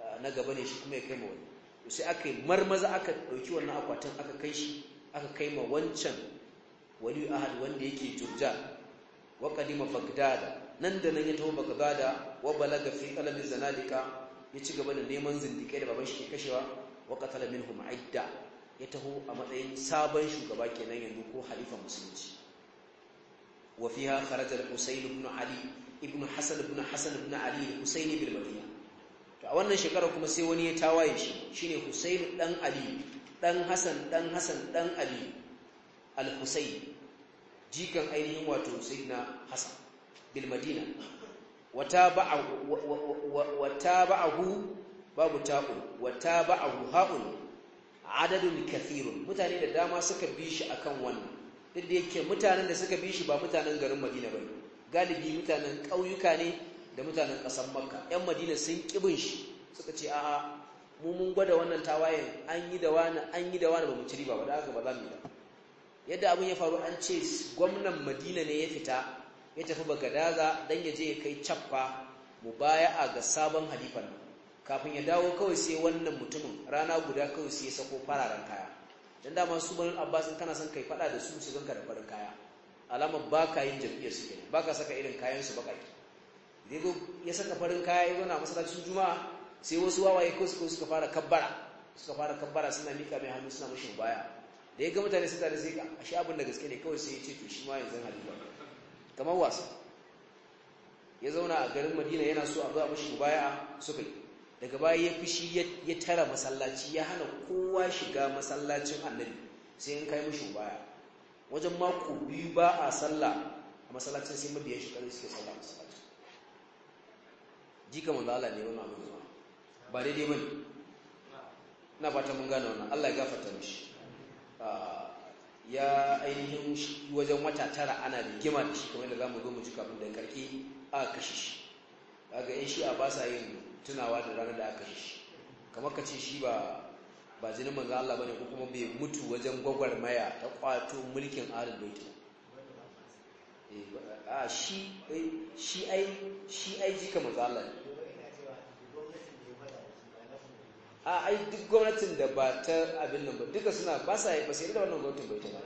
eh, na gaba ne shi kuma ya kai ma wani sai aka yi marmaza aka ɗauki wannan akwatin aka kai shi aka kai ma wancan wali ahad wanda yake jurja wa qadima bagdada nan da nan ya taho bagdada wa balaga fi alamin zanadika ya ci gaba da neman zindikai da baban shi ke kashewa wa min minhum aida ya taho a matsayin sabon shugaba kenan yanzu ko halifa musulunci wa fiha kharaja al-husayn ibn ali ibn hasan ibn hasan ibn ali al-husayn bil madina to a wannan shekara kuma sai wani ya tawaye shi shine husayn dan ali dan hasan dan hasan dan ali al-husayn jikan ainihin wato sayyidina hasan bil madina wa tabahu babu ta'u wa taba'ahu ha'un adadun kathirun mutane da dama suka bi shi akan wannan duk da yake mutanen da suka bi shi ba mutanen garin Madina bane galibi mutanen ƙauyuka ne da mutanen kasar Makka ƴan Madina sun kibin shi suka ce a'a mu mun gwada wannan tawayen an yi da wani an yi da wani ba mu ci riba ba da haka ba za mu yi ba yadda abin ya faru an ce gwamnan Madina ne ya fita ya tafi Bagadaza dan ya je ya kai mu mubaya'a ga sabon halifan nan kafin ya dawo kawai sai wannan mutumin rana guda kawai sai ya sako fararen kaya dan dama su banu abbas tana son kai fada da su su ganka da farin kaya alamar baka yin jam'iyyar su kenan ka saka irin kayan su bakaki dai go ya saka farin kaya ya gona masallacin juma'a sai wasu wawaye ko su suka fara kabbara suka fara kabbara suna mika mai hannu suna mushin baya da ya ga mutane sun da sai a shi abin da gaske ne kawai sai ya ce to shi ma yanzu halifa kamar wasa ya zauna a garin madina yana so a ba mushi baya a yi daga baya ya fi shi ya tara masallaci ya hana kowa shiga masallacin annabi sai in kai mishi baya wajen mako biyu ba a sallah a masallacin sai mabiyan shi kare suke sallah masallacin jika mazala ne wani abin ba daidai bane ina fata mun gane wannan Allah ya gafata mishi ah, ya ainihin wajen wata tara ana rigima da shi kamar za mu zo mu ci kafin da karke a kashe shi kaga yan shi'a ba sa yin tunawa da ranar da aka yi shi kamar ka ce shi ba ba jinin manzo Allah bane ko kuma bai mutu wajen gwagwarmaya ta kwato mulkin Ahlul Bait eh, a shi eh, shi ai shi ai jika manzo Allah a ai duk gwamnatin da ba ta abin nan ba duka suna ba sa yi ba sai da wannan gwamnatin bai ta ba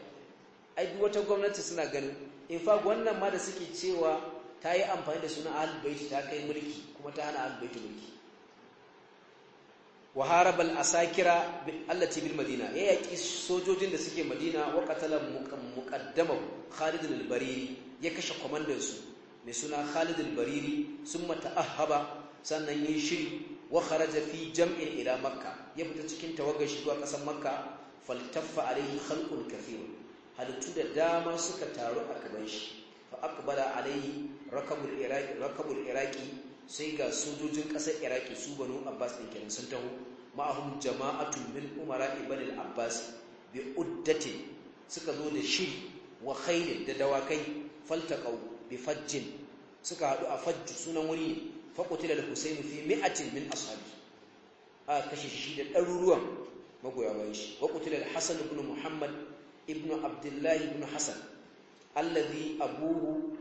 ai duk wata gwamnati suna ganin in fa wannan ma da suke cewa ta yi amfani da sunan Ahlul Bait ta kai mulki kuma ta hana da mulki wa haraba al-asakira allati bil madina ya yaki sojojin da suke madina wa qatala muqaddamahu Khalid al-Bariri ya kashe komandan su mai suna Khalid al-Bariri summa ta'ahaba sannan yin shiri wa kharaja fi jam'in ila makka ya fita cikin tawagar shi zuwa kasar makka faltaffa alaihi khalqun kathir halittu da dama suka taru a gaban shi fa aqbala alaihi rakabul iraqi rakabul iraqi sai ga sojojin ƙasar iraki su banu abbas ɗin kenan sun taho ma'ahum jama'atun min umara ibn abbas bi uddatin suka zo da shiri wa khayl da dawakai faltaqaw bi fajjin suka haɗu a fajj sunan wuri ne faqutila da husayn fi mi'atin min ashabi a kashe shi da ɗaruruwan magoya bayan shi waqutila da hasan ibn muhammad ibn abdullahi ibn hasan alladhi abuhu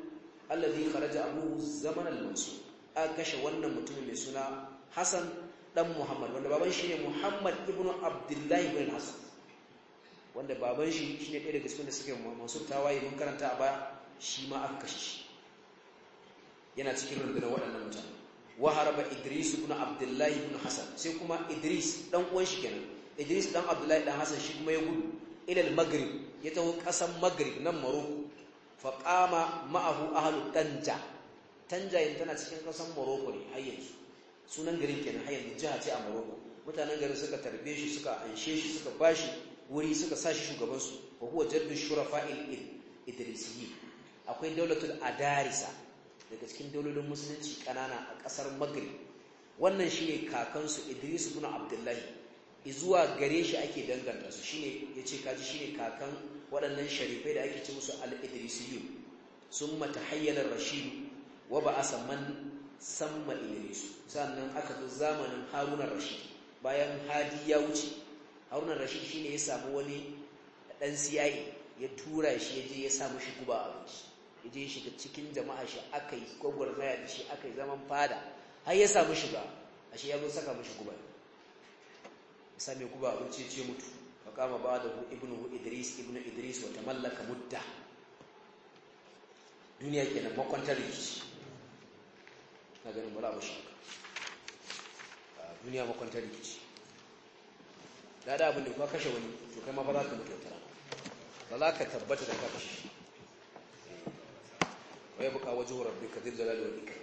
alladhi kharaja abuhu zaman mansur aka kashe wannan mutumin mai suna Hassan dan Muhammad wanda baban shi ne Muhammad ibn Abdullahi ibn Hassan wanda baban shi shine ɗaya daga cikin da suke masu tawaye mun karanta a baya shi ma aka kashe shi yana cikin rundunar waɗannan mutane wa haraba Idris ibn Abdullahi ibn Hassan sai kuma Idris dan uwan shi kenan Idris dan Abdullahi dan Hassan shi kuma ya gudu ila al-Maghrib ya taho kasan Maghrib nan maroko fa qama ma'ahu ahlu Tanja tanjayin tana cikin kasan morocco ne har yanzu sunan garin kenan har yanzu jiha ce a morocco mutanen garin suka tarbe shi suka anshe shi suka ba shi wuri suka sa shi shugabansu wa shura jaddu shurafa'il idrisiyi akwai daulatul adarisa daga cikin daulolin musulunci kanana a ƙasar maghrib wannan shine kakansu idris ibn abdullahi zuwa gare shi ake danganta su shine yace kaji shine kakan waɗannan sharifai da ake ce musu al Sun summa tahayyala rashidu. wa ba a saman samma su? sannan aka zo zamanin haruna rashid bayan hadi ya wuce haruna rashid ne ya samu wani dan cia ya tura shi ya je ya samu shi guba a abinci ya je shiga cikin jama'a shi aka yi gwagwarmaya da shi aka yi zaman fada har ya samu shiga a shi ya zo saka mashi guba ya sami guba abinci ya ce mutu kama ba da ibnu idris ibnu idris wata mallaka mudda duniya kenan makwantar rikici na ganin ba za mu shaka duniya makwanta rikici da da abin da kuma kashe wani to kai ma ba za ka mutu tara ba za ka tabbata da ka kashe eh, wa ya buka wajen rabbi ka zai jalali wa ikra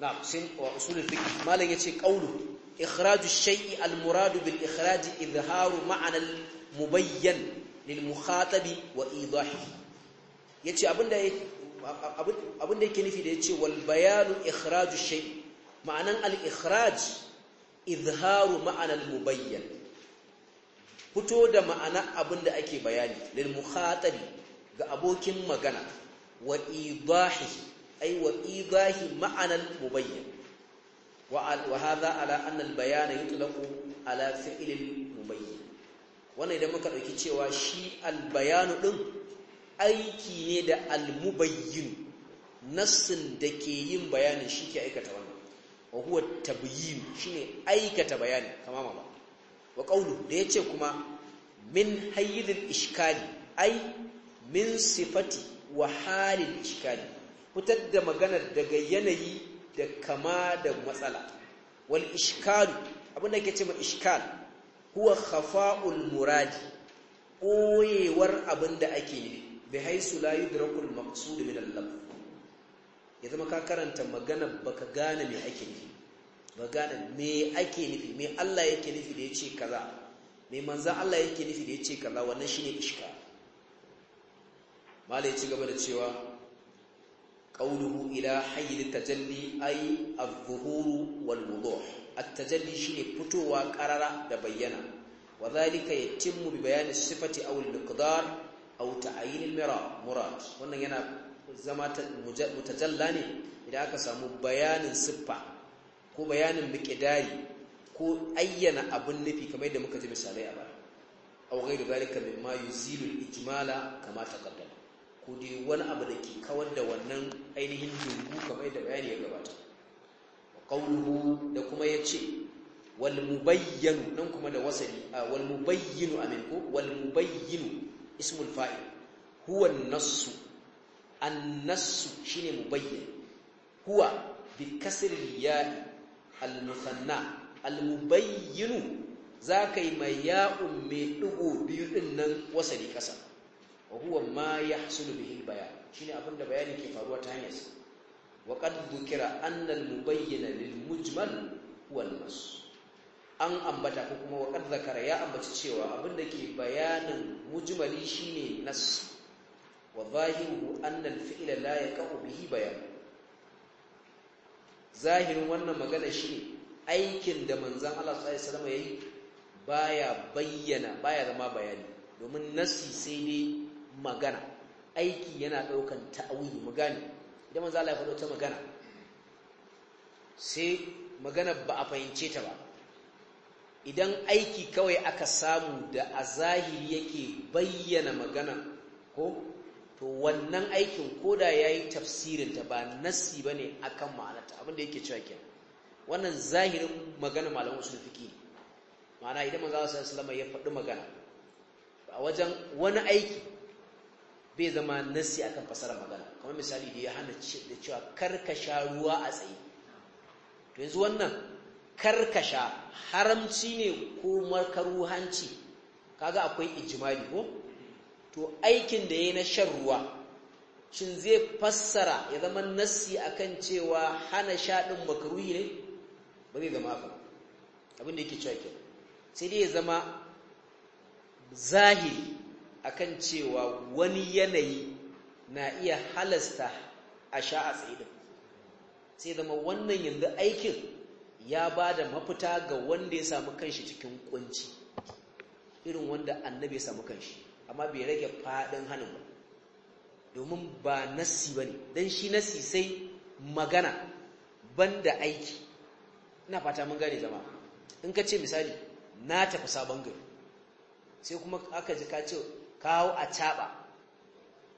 na sai wa usulul fiqh malam ya yace qawlu ikhraju shay'i al muradu bil ikhraj izharu ma'ana al mubayyan lil mukhatabi wa idahi yace abinda abin da yake nufi da ya ce wal bayanu ikhraju shay ma'anan al ikhraj izharu ma'ana al mubayyan fito da ma'ana abin da ake bayani lil mukhatabi ga abokin magana wa idahi ay wa idahi ma'ana al mubayyan wa hadha ala anna al bayana yutlaqu ala fi'l al mubayyan wannan idan muka dauki cewa shi al bayanu din aiki ne da almubayyin nassin da ke yin bayanin shi ke aikata wannan wa huwa tabyin shine aikata bayani kama mama wa qawlu da yace kuma min hayyidil iskali ai min sifati wa halil iskali fitar da maganar daga yanayi da kama da matsala wal iskalu abinda yake ce ma iskal huwa khafa'ul muradi koyewar abinda ake nufi bi haisu la yudrakul maqsud min al lab ya zama ka karanta magana baka gane me ake nufi ba gane me ake nufi me Allah yake nufi da yace kaza me manzon Allah yake nufi da yace kaza wannan shine ishka malai ci gaba da cewa qawluhu ila hayy tajalli ay adh-dhuhur wal wuduh at-tajalli shine fitowa ƙarara da bayyana wa dhalika yatimmu bi bayani sifati aw al-miqdar au ta'ayin mira murad wannan yana zama mutajalla ne idan aka samu bayanin siffa ko bayanin miqdari ko ayyana abin nufi kamar yadda muka ji misalai a baya au gairu zalika mimma yuzilu ijmala kama taqaddama ko dai wani abu da ke kawar da wannan ainihin dungu kamar yadda bayani ya gabata qawluhu da kuma yace wal mubayyin nan kuma da wasali ah, wal mubayyinu aminku wal mubayyin ismul fa'il huwa nassu nassu shine mubayyin huwa bi kasril ya'i al muthanna al mubayyin zaka mai ya'un mai digo biyu din nan wasali kasa wa huwa ma yahsulu bihi bayan shine abinda bayani ke faruwa ta hanyar wa qad dhukira anna al mubayyin lil mujmal huwa al an ambata ko kuma waƙar zakara ya ambaci cewa abinda ke bayanin mujmali shine nas wa zahiru annal fi'la la yaqau bihi bayan zahirin wannan magana shine aikin da manzon Allah sallallahu alaihi wasallam yayi baya bayyana baya zama bayani domin nasi sai dai magana aiki yana daukan ta'awili mu gane idan manzon Allah ya faɗo ta magana sai magana ba a fahimce ta ba idan aiki kawai aka samu da a zahiri yake bayyana magana ko to wannan aikin koda yayi tafsirin ta ba nasi ne a akan ma'anarta abinda yake cewa ke wannan zahirin magana malamin usul fiki ma'ana idan maza wasu alaihi ya faɗi magana a wajen wani aiki bai zama nasi akan fasara magana kamar misali da ya hana da cewa karka sha ruwa a tsaye to yanzu wannan karkasha haramci ne ko markaruhanci kaga akwai ijimali ko to aikin da yayi na shan ruwa shin zai fassara ya zama nassi akan cewa hana sha din makruhi ne ba zai zama haka abin da yake cewa ke sai dai ya zama zahiri akan cewa wani yanayi na iya halasta a sha a tsaye sai zama wannan yanzu aikin ya ba da mafita ga wanda ya samu kanshi cikin kunci irin wanda annabi ya samu kanshi amma bai rage fadin hannun ba domin ba nassi ba ne don shi nassi sai magana banda aiki ina fata mun gane zama. in ka ce misali na tafi sabon gari sai kuma aka ji ka ce kawo a caɓa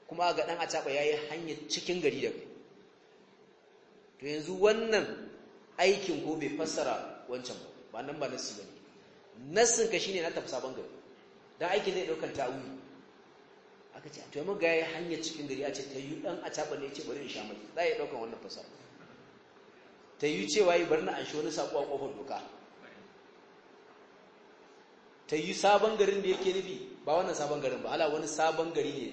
kuma ga ɗan a caɓa ya yi hanyar cikin gari da kai to yanzu wannan aikin ko bai fassara wancan ba nan ba ba ne nasin ka shine na tafi sabon gari dan aikin zai daukar ta'awi aka ce to mun ga yayi hanya cikin gari a ce ta yi dan a taba ne ce bari in sha mai za daukar wannan fassara ta yi cewa yi bari na an shoni wani sako a kofar doka ta yi sabon garin da yake nufi ba wannan sabon garin ba ala wani sabon gari ne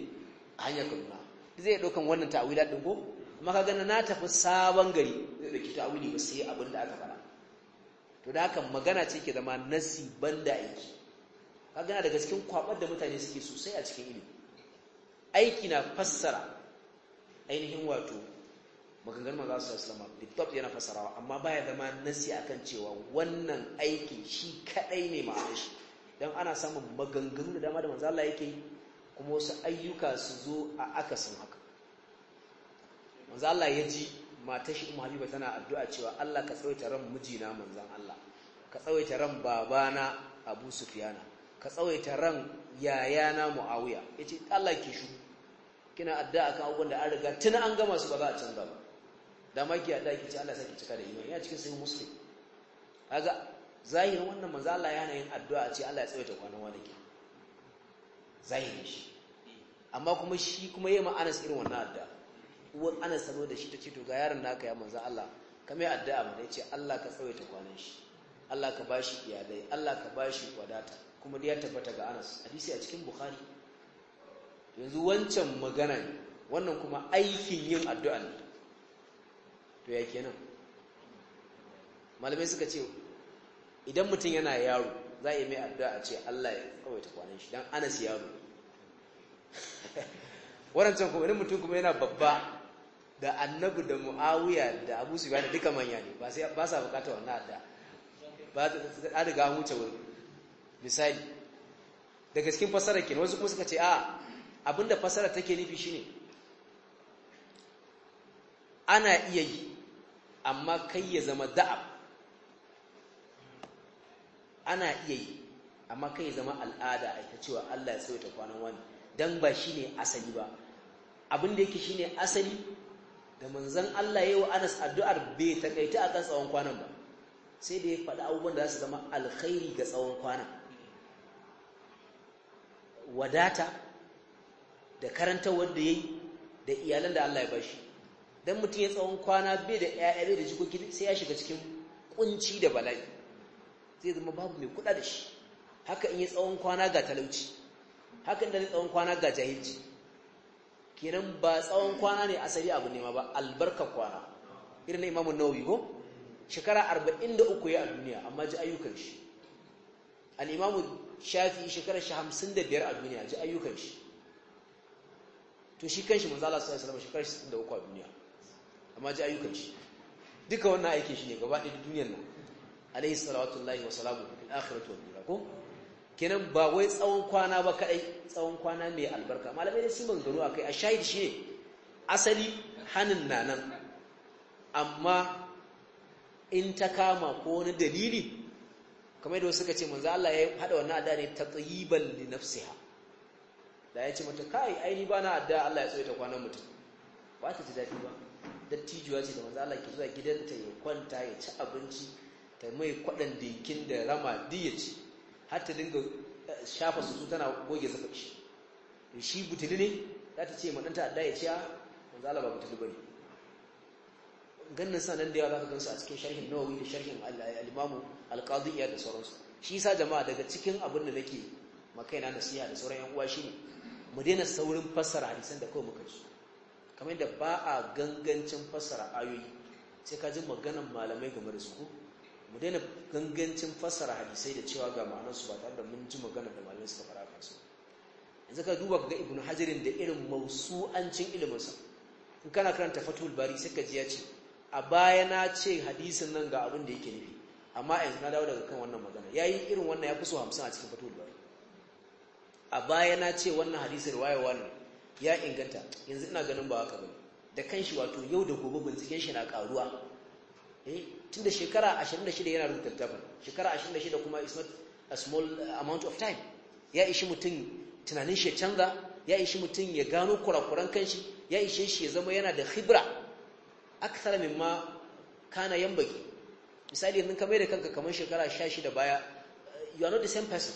a hanyar kaduna zai daukar wannan ta'awila din ko maka ka gana na tafi sabon gari zai da kita wuni ba sai abin da aka fara to da haka magana ce ke zama nasi da aiki ka gana daga cikin kwabar da mutane suke sosai a cikin ilimi aiki na fassara ainihin wato maganganun maza su islama top yana fassarawa amma baya zama nasi akan cewa wannan aiki shi kadai ne ma'ana shi don ana samun maganganu da dama da manzala yake kuma wasu ayyuka su zo a akasin haka manzo Allah ya ji matar shi Umma Habiba tana addu'a cewa Allah ka tsawaita ran mijina manzon Allah ka tsawaita ran babana Abu Sufyana ka tsawaita ran yayana Muawiya yace Allah ki shu kina addu'a kan abubuwan da an riga tun an gama su ba za a canza ba da maki ki addu'a ki ce Allah saki cika da iman ya cikin sai muslim kaga zahirin wannan manzo Allah yana yin addu'a ce Allah ya tsawaita kwanan waliki zahirin shi amma kuma shi kuma yayi ma irin wannan addu'a uwar anas ta da shi ta ce to ga yaron naka ya manzo Allah ka mai addu'a mana ya ce Allah ka tsawaita kwanan shi Allah ka bashi iyalai Allah ka bashi wadata kuma ya tabbata ga anas hadisi a cikin bukhari yanzu wancan magana ne wannan kuma aikin yin addu'a ne to ya kenan malamai suka ce idan mutum yana yaro za a yi mai addu'a a ce Allah ya tsawaita kwanan shi don anas yaro wadancan kuma idan mutum kuma yana babba da annabi da mu'awiya da abu su da duka manya ne ba sa bukata wannan adda ba ta riga huce wuri misali daga cikin fasara kenan wasu kuma suka ce a abinda fasara take nufi shine ana iya yi amma kai ya zama da'ab ana iya yi amma kai ya zama al'ada a ita cewa Allah ya tsawaita kwanan wani don ba shi ne asali ba abinda yake ne asali da manzan Allah yi wa Anas addu'ar bai takaita kan tsawon kwanan ba sai da ya faɗi abubuwan da za su zama alkhairi ga tsawon kwanan wadata da karanta wanda yi, da iyalan da Allah ya bashi dan mutum ya tsawon kwana bai da 'ya'ya bai da jikoki sai ya shiga cikin kunci da bala'i zai zama babu mai kuɗa da shi haka in yi tsawon kwana ga talauci haka in da tsawon kwana ga jahilci kenan ba tsawon kwana ne asali abu ne ma ba albarka kwana irin imamun nawawi ko shekara 43 ya a duniya amma ji ayyukan shi al-imamu shafi shekara 55 a duniya ji ayyukan shi to shi kanshi manzo Allah sallallahu alaihi wasallam shekara 63 a duniya amma ji ayyukan shi duka wannan aikin shi ne gaba ɗaya duniyar nan alaihi salatu wallahi wa salamu fil akhirati wal ko kenan ba wai tsawon kwana ba kadai tsawon kwana mai albarka malamai da sun gano akai a shahid shi ne asali hanin na nan amma in ta kama ko wani dalili kamar yadda suka ce manzo Allah ya hada wannan adda ne tatayiban li nafsiha da ya ce mata kai aini ba na adda Allah ya tsoita kwanan mutum ba ta ji daɗi ba dattijuwa ce da manzo Allah ke zuwa gidanta ya kwanta ya ci abinci ta mai kwaɗan dinkin da rama ya ci har ta dinga eh, shafa su tana goge zafi shi shi butuli ne za ta ce maɗanta adda ya ciya ah, manzo ba butuli bane gannan sa nan da yawa za ka gansu a cikin sharhin nawawi da sharhin alimamu, imamu iya da sauransu shi yasa jama'a daga cikin abin da nake makaina nasiha da sauran yan uwa ne mu daina saurin fassara hadisan da kawai muka ci kamar da ba a gangancin fassara ayoyi sai ka ji maganan malamai game da su ko mu daina gangancin fassara hadisai da cewa ga ma'anarsu ba tare da mun ji magana da malamai suka fara kansu yanzu ka duba ka ga ibnu hajarin da irin mausu'ancin iliminsa in kana karanta fatul bari sai ka ji ya ce a baya na ce hadisin nan ga abin da yake nufi amma yanzu na dawo daga kan wannan magana yayi irin wannan ya fi so 50 a cikin fatul bari a baya na ce wannan hadisin waye ne ya inganta yanzu ina ganin ba haka bane da kanshi wato yau da gobe binciken shi na karuwa tun eh, tunda shekara 26 yana rubuta littafin shekara 26 kuma is not a small uh, amount of time ya ishi mutum tunanin shi canza ya ishi mutum ya gano kurakuran kanshi ya ishe shi ya zama yana da khibra min mimma kana yambaki misali yanzu ka mai da kanka kamar shekara 16 baya uh, you are not the same person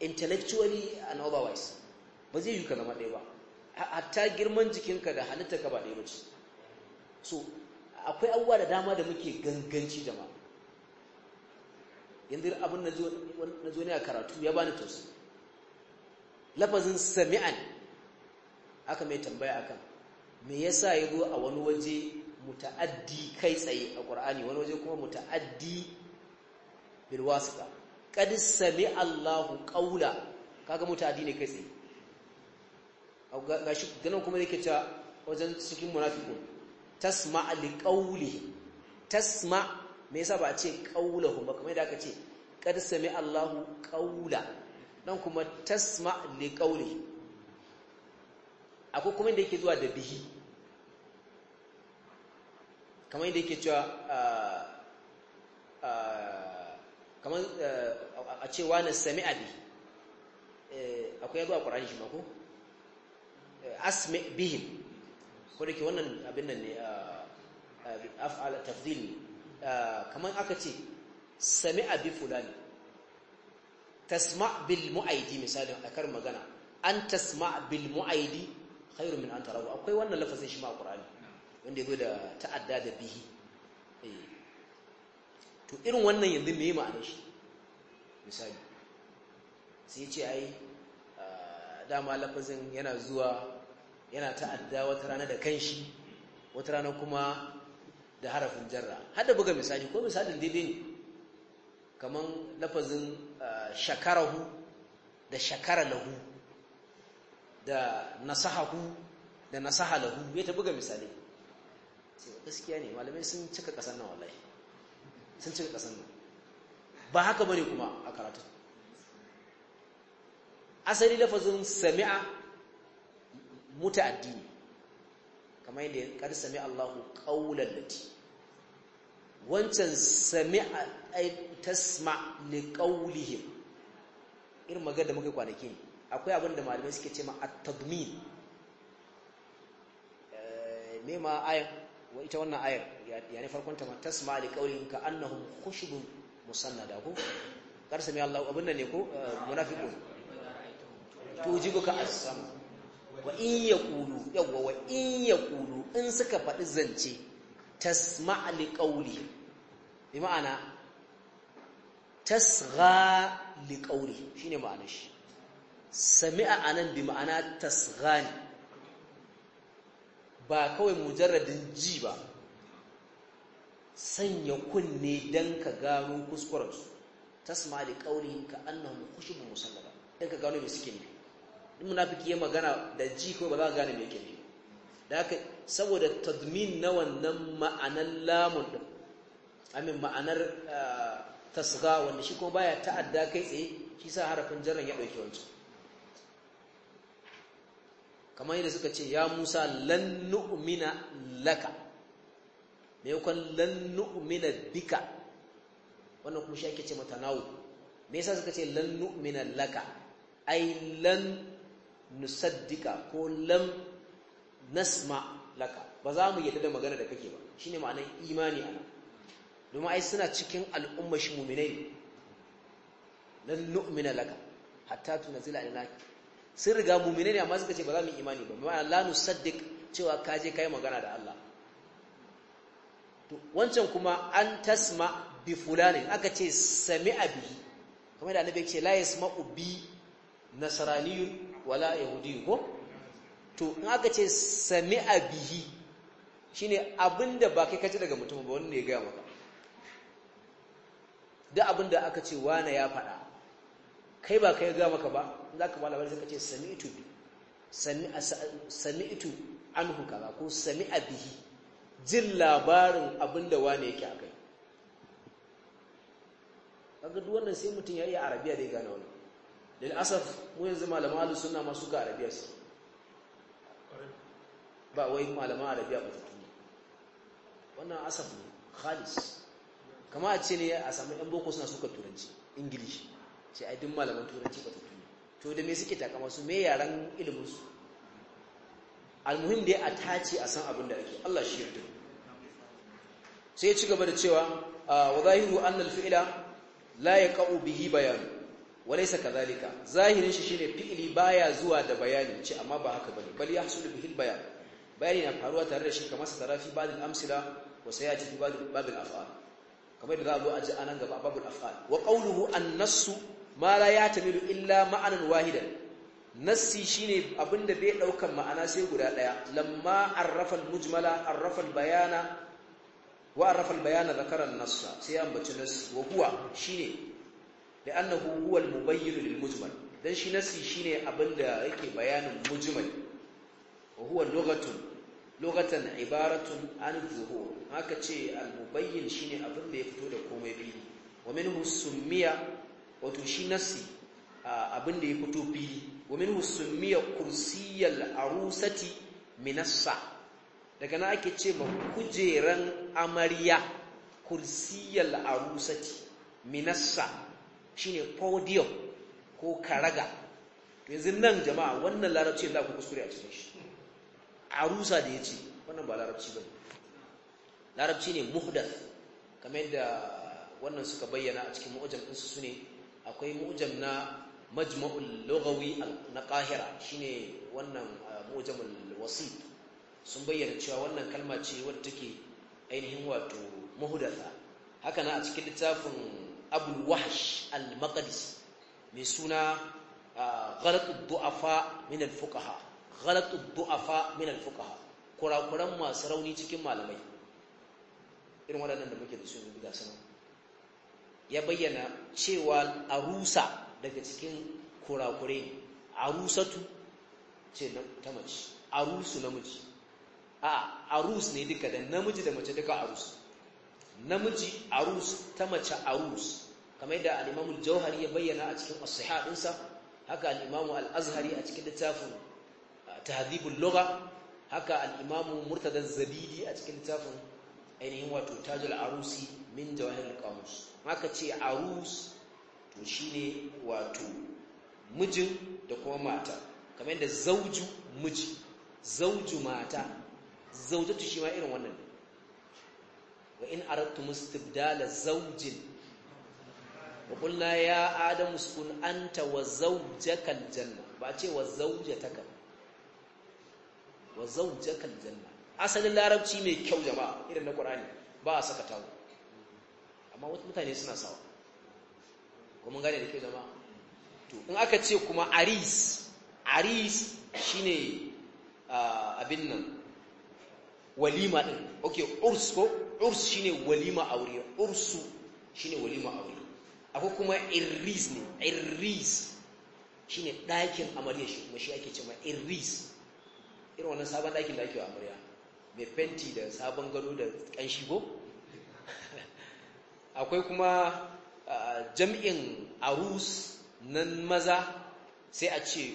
intellectually and otherwise ba zai yi ka zama ɗaya ba hatta girman jikinka da halittarka ba ɗaya ba ce so akwai abubuwa da dama da muke ganganci da ma yanzu abin na zo ne a karatu ya bani tausi lafazin sami'an aka mai tambaya akan me yasa ya zo a wani waje muta'addi kai tsaye a ƙur'ani wani waje kuma muta'addi bil ƙadis qad Allahu ƙaula kaga muta'addi ne kai tsaye gashi ganin kuma yake ta wajen cikin kuma. tasma li qawlihi tasma me yasa ba a ce qawluhu ba kamar da aka ce kad sami Allahu qaula dan kuma tasma li qawlihi akwai kuma inda yake zuwa da bihi kamar inda yake cewa ah, ah, kamar eh, a ce wani sami abi eh, akwai yadda a ƙwararri shi mako eh, asmi bihin ko da ke wannan abin nan ne af'ala tafdil kamar aka ce sami abi fulani tasma bil mu'aidi misali a kar magana an tasma bil mu'aidi khairu min an tarahu akwai wannan lafazin shi ma qur'ani wanda yazo da ta'adda da bihi eh. to irin wannan yanzu me ma'anar shi misali sai ya ce ai dama lafazin yana zuwa yana ta'adda wata rana da kanshi wata rana kuma da harafin jarra hada buga misali ko misalin daidai ne kaman lafazin ah, shakarahu da shakara lahu da nasahahu da nasaha lahu ya ta buga misali sai gaskiya ne malamai sun cika kasan nan wallahi sun cika kasan nan ba haka bane kuma a karatu asali lafazin sami'a muta'addi ne kamar yadda kar sami Allahu qawlan lati wancan sami'a ay tasma li qawlihim irin magana da muka kwanaki ne akwai abin da malamai suke ce ma at-tadmin eh, me ma ayar, wa ita wannan ayar ya ne farkon ta ma tasma li qawlihim ka annahum khushubun da ku, kar sami Allahu abin nan ne ku ko eh, munafiqun tujibuka as-sama wa in kulu yawa wa in kulu in suka faɗi zance tasma'a li qawli bi ma'ana tasgha li qawli shine ma'anar shi sami'a anan bi ma'ana tasghani ba kawai mujarradin ji ba sanya kunne dan ka gano kuskurensu tasma'a li qawlihi ka annahum khushubun musallaba dan ka gano me suke nufi munafiki ya magana da ji ko ba za ka gane me yake ne da haka saboda tadmin na wannan ma'anar lamun din amin ma'anar uh, tasga wanda shi kuma baya ta'adda kai tsaye shi sa harafin jarran ya ɗauki wancan kamar yadda suka ce ya Musa lan nu'mina laka me yakon lan nu'mina bika wannan kuma shi ake ce mata nawo me yasa suka ce lan nu'mina laka ai lan nusaddika ko lam nasma laka ba za mu yadda da magana da kake ba shine ma'anar imani ana domin ai suna cikin al'ummar shi mu'minai lan nu'mina laka hatta tunzila alaina sun riga mu'minai ne amma suka ce ba za mu imani ba ma'ana la nusaddiq cewa ka je kai magana da Allah to wancan kuma an tasma bi fulani aka ce sami abi kamar da annabi ya ce la yasma'u bi nasraniyun wala yahudi ko to in aka ce sami'a bihi shine abinda ba kai kaji daga mutum ba wani ne ya gaya maka duk abinda aka ce wane ya faɗa kai ba kai gaya maka ba za ka malabar sai ka ce sami'tu sami'tu anhu kaza ko sami'a bihi jin labarin abinda wane yake akai kaga duk wannan sai mutum ya a arabiya da ya gane wannan lil asaf mu yanzu malama da suna masu ga arabiya su ba wai malaman arabiya ba tutu wannan asaf ne khalis kama a ce ne a samu yan boko suna suka turanci ingilishi ce a duk malaman turanci ba tutu to da me suke takama su me yaran ilimin su almuhim dai a tace a san abin da ake Allah shi yarda sai ya ci gaba da cewa ah, wa zahiru anna al-fi'la la yaqa'u bihi bayan walaysa kadhalika zahirin shi shine fi'li baya zuwa da bayani C amma ba haka bane bal yahsulu bihi baya. bayani na faruwa tare da shi kamar sa ba'd al-amsila wa sayati ba'd ba'd al-af'al kamar da za a zo a ji anan gaba babul af'al wa qawluhu an-nassu ma la yatamilu illa ma'anan wahidan nassi shine abinda bai daukan ma'ana sai guda daya lamma arrafa al-mujmala arrafa al-bayana wa arrafa al-bayana dhakara an-nassa sai ambaci nassi wa huwa shine li'annahu هو المبين للمجمل lil شي نسي shi nasi abinda yake bayanin mujmal wa huwa lughatun lughatan ibaratun an zuhur haka ce al-mubayyin shine abinda ya fito da komai fili wa minhu summiya wato shi nasi abinda ya fito fili wa minhu summiya kursiyal arusati minassa daga nan ake ce ma kujeran amarya kursiyal arusati minassa shine podium ko karaga yanzu nan jama'a wannan larabci da ku kuskure a cikin shi arusa da ya ce. wannan ba larabci ba larabci ne muhdath kamar yadda wannan suka bayyana a cikin mu'jam din su ne akwai mu'jam na majma'ul lughawi na qahira shine wannan uh, mu'jamul wasit sun bayyana cewa wannan kalma ce wadda take ainihin wato muhdatha haka na a cikin littafin abul wahsh al-maqdis mai suna ah, ghalatu du'afa min al-fuqaha ghalatu du'afa min al-fuqaha kurakuran masu rauni cikin malamai irin waɗannan da muke da su yanzu ga ya bayyana cewa arusa daga cikin kurakure arusatu ce ta mace arusu namiji a arus ne duka da namiji da mace duka arus namiji arus ta mace arus kamar da al-imamu jauhari ya bayyana a cikin as-sihah haka al-imamu al-azhari a cikin littafin uh, tahdhibul lugha haka al-imamu murtada zabidi a cikin littafin ainihin wato tajul arusi min jawahirul qamus haka ce arus to shine wato mijin da kuma mata kamar da zauju miji zauju mata zaujatu shi ma irin wannan wa in aradtum istibdala zawjin wa qulna ya adam uskun anta wa zawjaka aljanna ba ce wa zawjataka wa zawjaka aljanna asalin larabci mai kyau jama'a irin na qur'ani ba a saka tawo amma wasu mutane suna sawa ko mun gane da kyau jama'a to in aka ce kuma aris aris shine ah, abin nan walima din okay urs ko urs shine walima aure ursu shine walima aure akwai kuma irris ne irris shine dakin amarya shi kuma shi ake cewa irris irin wannan sabon dakin da ake amarya mai fenti da sabon gado da kanshi go akwai kuma jam'in arus nan maza sai a ce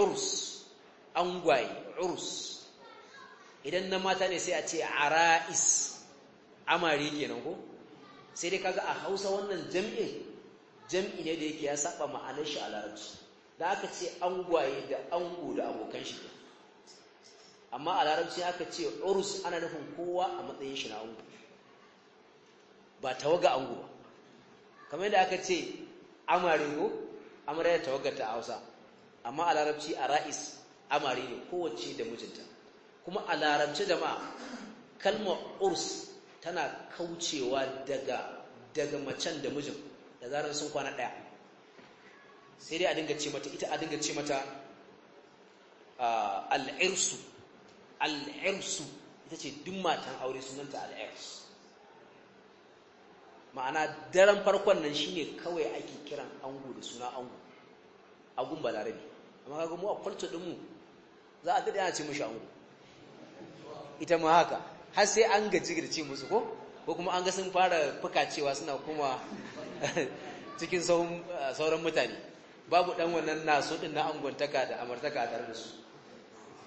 urs angwaye urs idan na mata ne sai a ce ara'is amare kenan ko sai dai kaga a Hausa wannan jam'in jam'i ne da yake ya saba ma'anar shi a Larabci da aka ce angwaye da ango da abokan shi amma a Larabci aka ce urus ana nufin kowa a matsayin shi na ango ba tawaga ango ba kamar yadda aka ce amare ko amare ya tawaga ta Hausa amma a Larabci a ra'is amare ne kowace da mijinta kuma a larabci da ma kalmar urs tana kaucewa daga daga macen da mijin da zarar sun kwana ɗaya sai dai a dinga ce mata ita a dinga ce mata al'irsu al'irsu ita ce duk matan aure sunanta al'irsu ma'ana daren farkon nan shine kawai ake kiran ango da suna ango agun larabi amma kaga mu a kwalta dinmu za a gada yana ce mashi ango ita ma haka har sai an gaji girci musu ko ko kuma an ga sun fara fukacewa suna kuma cikin eh, sauran mutane babu dan wannan nasu din na angwantaka da amartaka a tare da su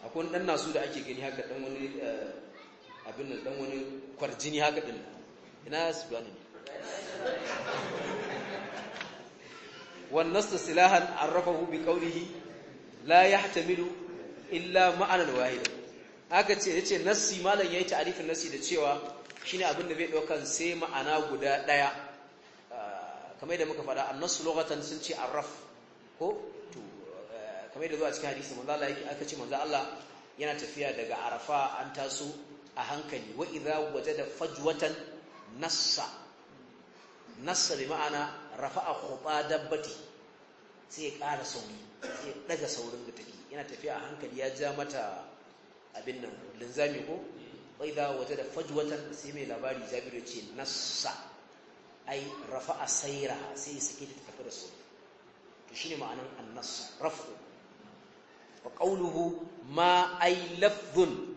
akwai dan nasu da ake gani haka dan wani eh, abin nan dan wani kwarjini haka din ina su gani silahan arrafahu bi qawlihi la yahtamilu illa ma'anan واحدا aka ce yace nassi malam ya yi ta'arifin nassi da cewa shine abin da bai ɗaukan sai ma'ana guda ɗaya ah, kamar da muka faɗa annasu lokatan sun ce arraf ko to eh, kamar da zuwa cikin hadisi manzo Allah yake aka ce manzo Allah yana tafiya daga arafa an taso a hankali wa idza wajada fajwatan nassa nassa bi ma'ana rafa'a khuba dabbati sai ya ƙara sauri sai ya daga saurin da take yana tafiya a hankali ya ja mata abin nan linzami ko idza wajada fajwatan sai mai labari Jabir ya ce nassa ai rafa'a sayra sai sake ta tafi da su to shine ma'anan annas raf'u wa qawluhu ma ay lafdhun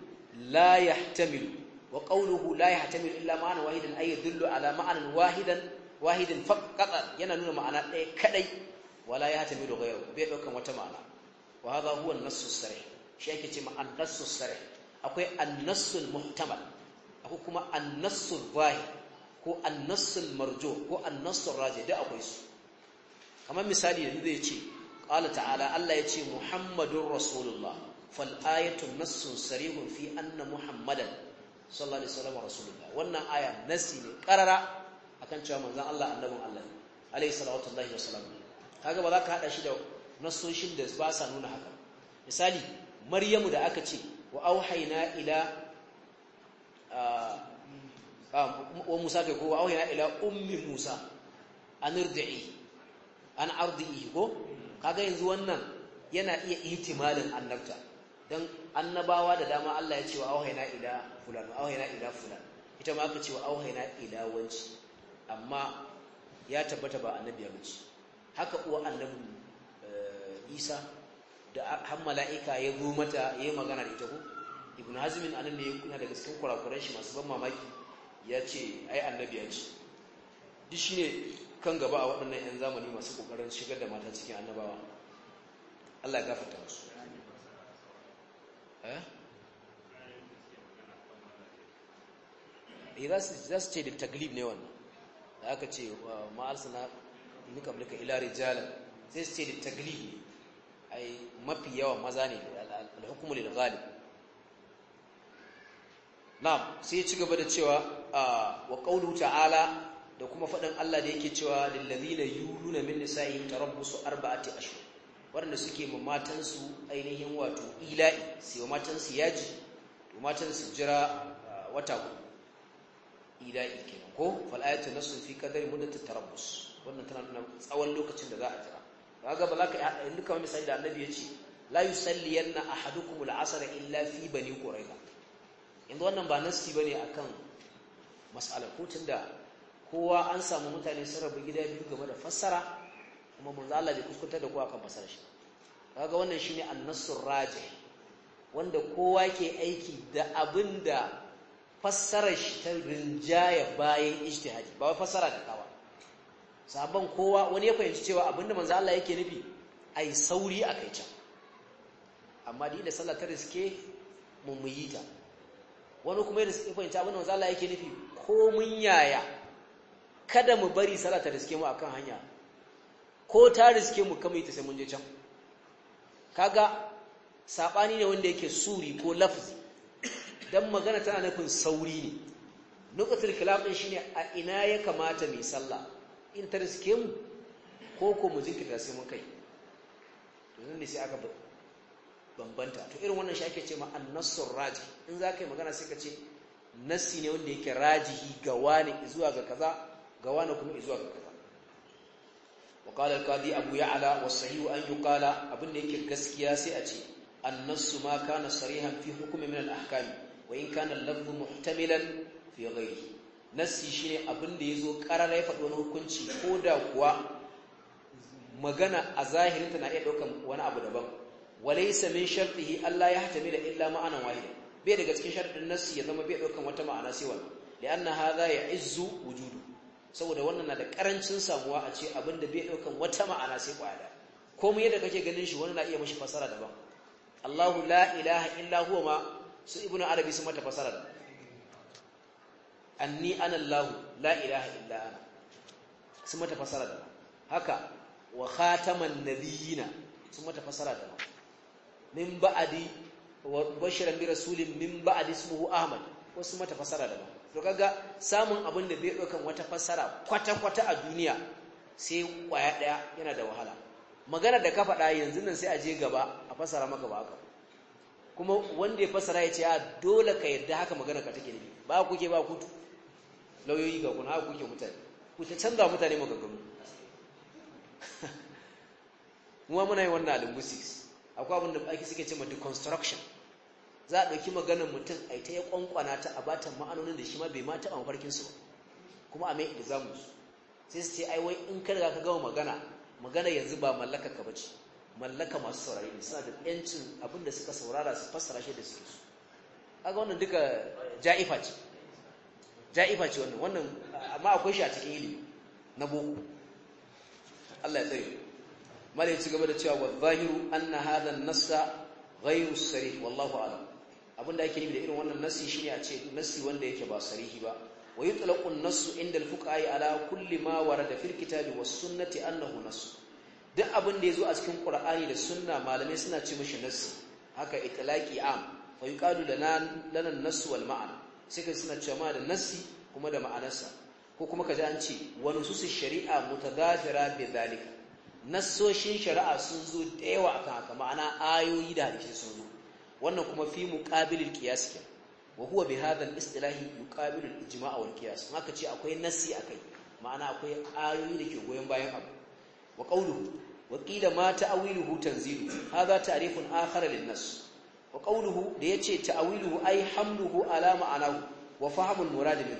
la yahtamilu وقوله لا يحتمل إلا معنى واحدا أي يدل على معنى واحدا واحدا فقط ينالون معنى كدي ولا يحتمل غيره بيدوكم وتمعنى وهذا هو النص الصريح shi ake ce ma annasul sarih akwai annasul muhtamal akwai kuma annasul zahir ko annasul marjo ko annasul raji da akwai su kamar misali da zai ce qala ta'ala Allah ya ce muhammadur rasulullah fal ayatu nassun sarihun fi anna muhammadan sallallahu alaihi wasallam rasulullah wannan aya nasi ne karara akan cewa manzon Allah annabin Allah alaihi salatu wallahi wasallam kaga ba za ka hada shi da nassoshin da ba sa nuna haka misali maryamu da aka ce wa auhaina ila wa musa ke ko wa auhaina ila ummi musa an irdi'i an ardi'i ko kaga yanzu wannan yana iya ihtimalin annabta dan annabawa da dama Allah ya ce wa auhaina ila fulan auhaina ila fulan ita ma aka ce wa auhaina ila wanci amma ya tabbata ba annabiyar ce haka uwa annabi eh, Isa da har mala'ika ya zo mata ya magana da ita ko ibn hazmin anan ne yana daga cikin kurakuran shi masu ban mamaki ya ce ai annabi ya ce duk shine kan gaba a waɗannan 'yan zamani masu ƙoƙarin shigar da mata cikin annabawa Allah ya gafarta musu eh, eh za su ce da taglib ne wannan da aka ce ma'arsa na nuka mulka ila rijalan sai su ce da taglib ne ai mafi yawan maza ne al-hukmu na'am sai ya ci gaba da cewa wa qawlu ta'ala da kuma faɗin Allah da yake cewa lillazina yuluna min nisa'ihim tarabbusu arba'ati ashhur wanda suke ma matansu ainihin wato ila'i sai wa matansu yaji to su jira wata gudu ila'i kenan ko fal ayatu nasu fi qadari muddat tarabbus wannan tana nuna tsawon lokacin da za a jira kaga ba za ka duka wani misali da annabi ya ce la yusalliyanna ahadukum al-asr illa fi bani quraiza yanzu wannan ba nasti bane akan mas'alar ko tunda kowa an samu mutane sun rabu gida biyu game da fassara kuma za Allah bai da kowa kan fassara shi kaga wannan shine an-nasr rajih wanda kowa ke aiki da abinda fassarar shi ta rinjaya bayan ijtihadi ba fassara da kawa Sabon kowa wani ya fahimci cewa abinda manzo Allah yake nufi ai sauri a kai can amma da sallar ta riske mun yi ta wani kuma ya fahimci abinda manzo Allah yake nufi ko mun yaya kada mu bari sallar ta riske mu akan hanya ko ta riske mu kamar ita sai mun je can kaga sabani ne wanda yake suri ko lafzi dan magana tana nufin sauri ne nukatul kilabin din shine a ina ya kamata mai sallah in ta riske mu ko ko mu jinkirta sai mun kai to nan ne sai aka bambanta to irin wannan shi ake ce ma annasur raji in za ka yi magana sai ka ce nassi ne wanda yake rajihi ga wani zuwa ga kaza ga wani kuma zuwa ga kaza wa qala al-qadi abu ya'la wa sahihu an yuqala abin da yake gaskiya sai a ce annasu ma kana sarihan fi hukmi min al-ahkam wa in kana al-lafzu muhtamilan fi nassi ne abin da zo karara ya faɗi wani hukunci ko da kuwa magana a zahirin ta na iya ɗaukan wani abu daban walai samin shartihi Allah ya da illa ma'anan wahida bai daga cikin shartin nassi ya zama bai ɗaukan wata ma'ana sai ha za ya izu wujudu saboda wannan na da ƙarancin samuwa a ce abin da bai ɗaukan wata ma'ana sai kwaya komai yadda kake ganin shi wani na iya mashi fasara daban Allahu la ilaha illa huwa ma su ibnu arabi sun mata fasara anni ana Allah la ilaha illa ana sun mata fasara da haka wa khataman nabiyina sun mata fasara da min ba'di wa bashiran bi rasulin min ba'di ismuhu ahmad sun mata fasara da to kaga samun abin da bai daukan wata fasara kwata kwata a duniya sai kwaya daya yana da wahala magana da ka faɗa yanzu nan sai a je gaba a fasara maka ba haka kuma wanda ya fasara ya ce a ah, dole ka yarda haka magana ka take ne ba kuke ba kutu lauyoyi ga kuna haka kuke mutane ku ta canza mutane maganganu muwa muna yi wannan linguistics akwai abin da ake suke cema deconstruction za a ɗauki maganar mutum a ta ya ƙwanƙwana ta a bata ma'anonin da shi ma bai ma taɓa mafarkinsu ba kuma a mai examus sai su ce ai wai in ka riga ka gama magana magana yanzu ba mallaka ka bace mallaka masu saurari ne suna da yancin abin suka saurara su fassara shi da suke su kaga wannan duka ja'ifa ce ja'ifa ce wannan wannan amma akwai shi a cikin ilimi na boko Allah ya tsare malai ci gaba da cewa wa zahiru anna hadha an-nassa ghayru sarih wallahu a'lam abinda ake nufi da irin wannan nassi shine a ce nassi wanda yake ba sarihi ba wa yutlaqu an-nassu inda al-fuqaha ala kulli ma warada fil kitabi was sunnati annahu nass duk abin da yazo a cikin qur'ani da sunna malamai suna ce mishi nassi haka itlaqi am fa yuqalu lana lana an nassu wal ma'na sai ka suna cewa da nassi kuma da ma'anarsa ko kuma kaji an ce wani su shari'a mutadafira bi zalika nassoshin shari'a sun zo da yawa akan haka ma'ana ayoyi da hadisi sun zo wannan kuma fi muqabilil qiyas ke wa huwa bi hadha al-istilahi yuqabilu al-ijma' wal qiyas haka ce akwai nassi akai ma'ana akwai ayoyi da ke goyon bayan abu wa qawluhu wa qila ma ta'wiluhu tanzilu hadha ta'rifun akhar lin-nass wa qawluhu da yace ta'wiluhu ai hamluhu ala ma'anahu wa fahmul murad min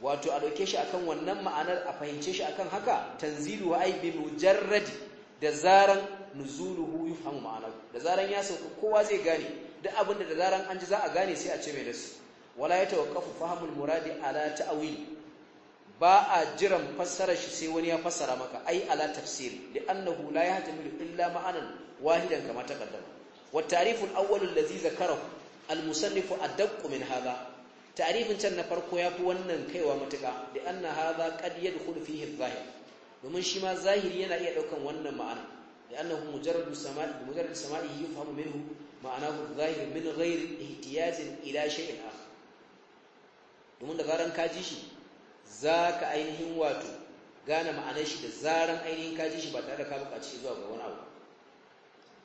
wato a dauke shi akan wannan ma'anar a fahimce shi akan haka tanzilu ay bi mujarrad da zaran nuzuluhu yufhamu ma'anahu da zaran ya sauka kowa zai gane duk abinda da zaran an ji za a gane sai a ce mai dasu wala ya tawaqqafu fahmul muradi ala ta'wil ba a jiran fassara shi sai wani ya fassara maka ai ala tafsiri annahu la yahtamilu illa ma'anan wahidan kama taqaddama wa tariful awwal allazi zakarahu almusannifu a min hadha tarifin can na farko yafi wannan kaiwa matuka da anna hadha qad yadkhulu fihi adh-dhahir domin shi ma zahiri yana iya daukan wannan ma'ana da annahu mujarradu sama'i mujarradu sama'i yufhamu minhu ma'anahu adh-dhahir min ghairi ihtiyajin ila domin da ka ji shi ainihin wato gane ma'anar shi da zaran ainihin kaji shi ba tare da ka buƙaci zuwa ga wani abu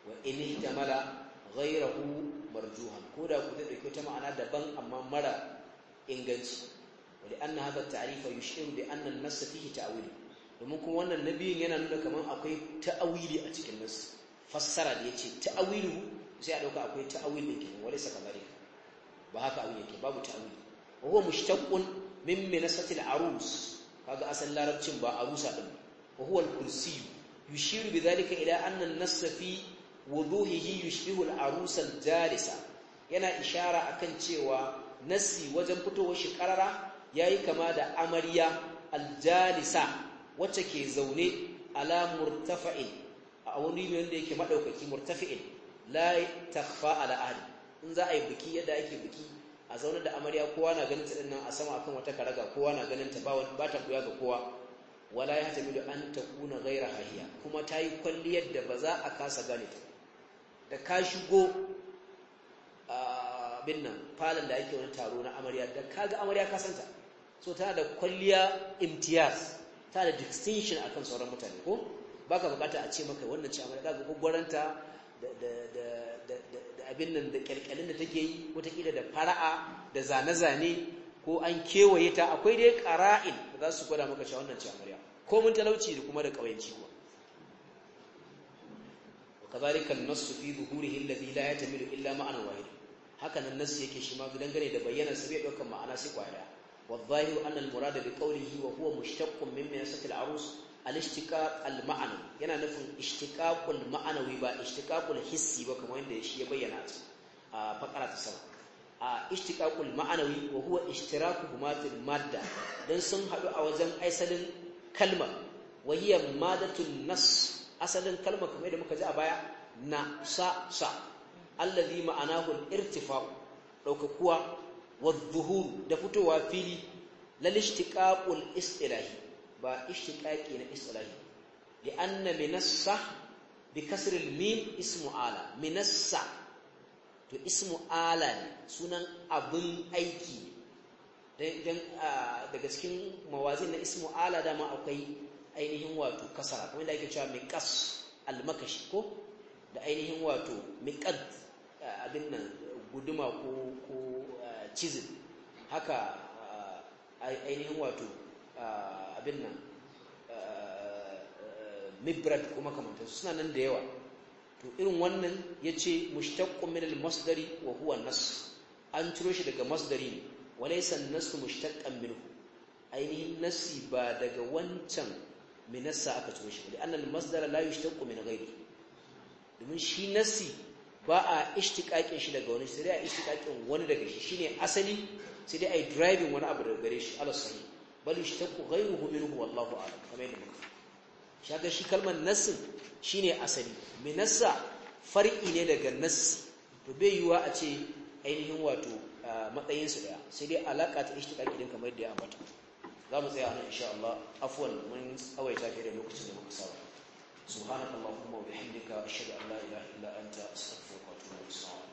wa in ihtamala ghayrahu marjuhan koda ku dade ko ta ma'ana daban amma mara inganci wa li anna hadha at-ta'rif yushiru bi anna al-mass fihi ta'wil domin kuma wannan nabiyin yana nuna kaman akwai ta'awili a cikin nas fassara da yace ta'awilu sai a dauka akwai ta'awilin kenan wala saka zalika ba haka abin yake babu ta'awili wa huwa mushtaqqun min minasati al-arus kaga asal larabcin ba arusa din wa huwa al kursiyyu yushiru dhalika ila anna an-nass fi wuduhihi yushbihul arusal jalisa yana ishara akan cewa nasi wajen fitowa shi karara yayi kama da amarya aljalisa wacce ke zaune ala murtafa'in a wani ne wanda yake madaukaki murtafi'in la takhfa ala ahli in za a yi biki yadda ake biki a zaune da amarya kowa na ganin ta dinnan a sama akan wata karaga kowa na ganin ta ba ta buya ga kowa wala ya tabi da an takuna ghaira hahiya kuma tayi kwalliyar da ba za a kasa gane ta da ka shigo abin nan falon da ake wani taro na amarya da ka ga amarya ka ta. so tana da kwalliya imtiyaz ta da distinction akan sauran mutane ko ba ka bukata a ce maka wannan ce amarya kaga gwaggwaranta da abin nan da kyalkyalin da take yi watakila da fara'a da zane-zane ko an kewaye ta akwai dai ƙara'in da za su gwada maka cewa wannan ce amarya ko mun talauci da kuma da ƙauyenci kuma كذلك النص في ظهوره الذي لا يتمل إلا معنى واحد هكذا النص yake shi ma gidan gane da bayyana su bai daukan ma'ana sai kwaya والظاهر أن المراد بقوله وهو مشتق من مناسة العروس الاشتقاق المعنى yana nufin ishtiqaqul ma'anawi ba ishtiqaqul hissi ba kamar yadda shi ya bayyana a fakara ta sama a ishtiqaqul ma'anawi wa huwa ishtirakuhuma fil madda dan sun hadu a wajen aisalin kalma wa hiya madatul asalin kalmar kamar da muka ji a baya na sa sa allazi ma'anahu al-irtifa'u daukakuwa wa dhuhur da fitowa fili lal istiqaqul istilahi ba ishtiqaqi na istilahi li anna minassa bi kasr al-mim ismu ala minassa to ismu ala ne sunan abin aiki dan ah, daga cikin mawazin na ismu ala dama akwai ainihin wato kasara kuma da ake cewa miqas almakashi ko da ainihin wato miqad eh, abin nan guduma ko ko eh, chisel haka eh, ainihin wato abin nan mibrad kuma kamantar suna nan da yawa to irin wannan yace mushtaqqun min almasdari wa huwa nas an ciro shi daga masdari ne walaysa an-nas mushtaqqan minhu ainihin nasi ba daga wancan min nassa aka ciro shi da annal masdar la yushtaqu min ghairi domin shi nassi ba a ishtiqaqin shi daga wani sai dai a ishtiqaqin wani daga shi shine asali sai dai ai driving wani abu daga gare shi Allah sai bal yushtaqu ghayruhu minhu wallahu a'lam kamar yadda muka ga shi kalmar nassi shine asali min nassa far'i ne daga nassi to bai yiwa a ce ainihin wato matsayinsu daya sai dai alaka ta ishtiqaqin kamar yadda ya ambata za mu tsaya nan insha Allah afwan mun tsawaita fiye da lokacin da muka saba subhanakallahumma wa bihamdika ashhadu an la ilaha illa anta astaghfiruka wa atubu ilaik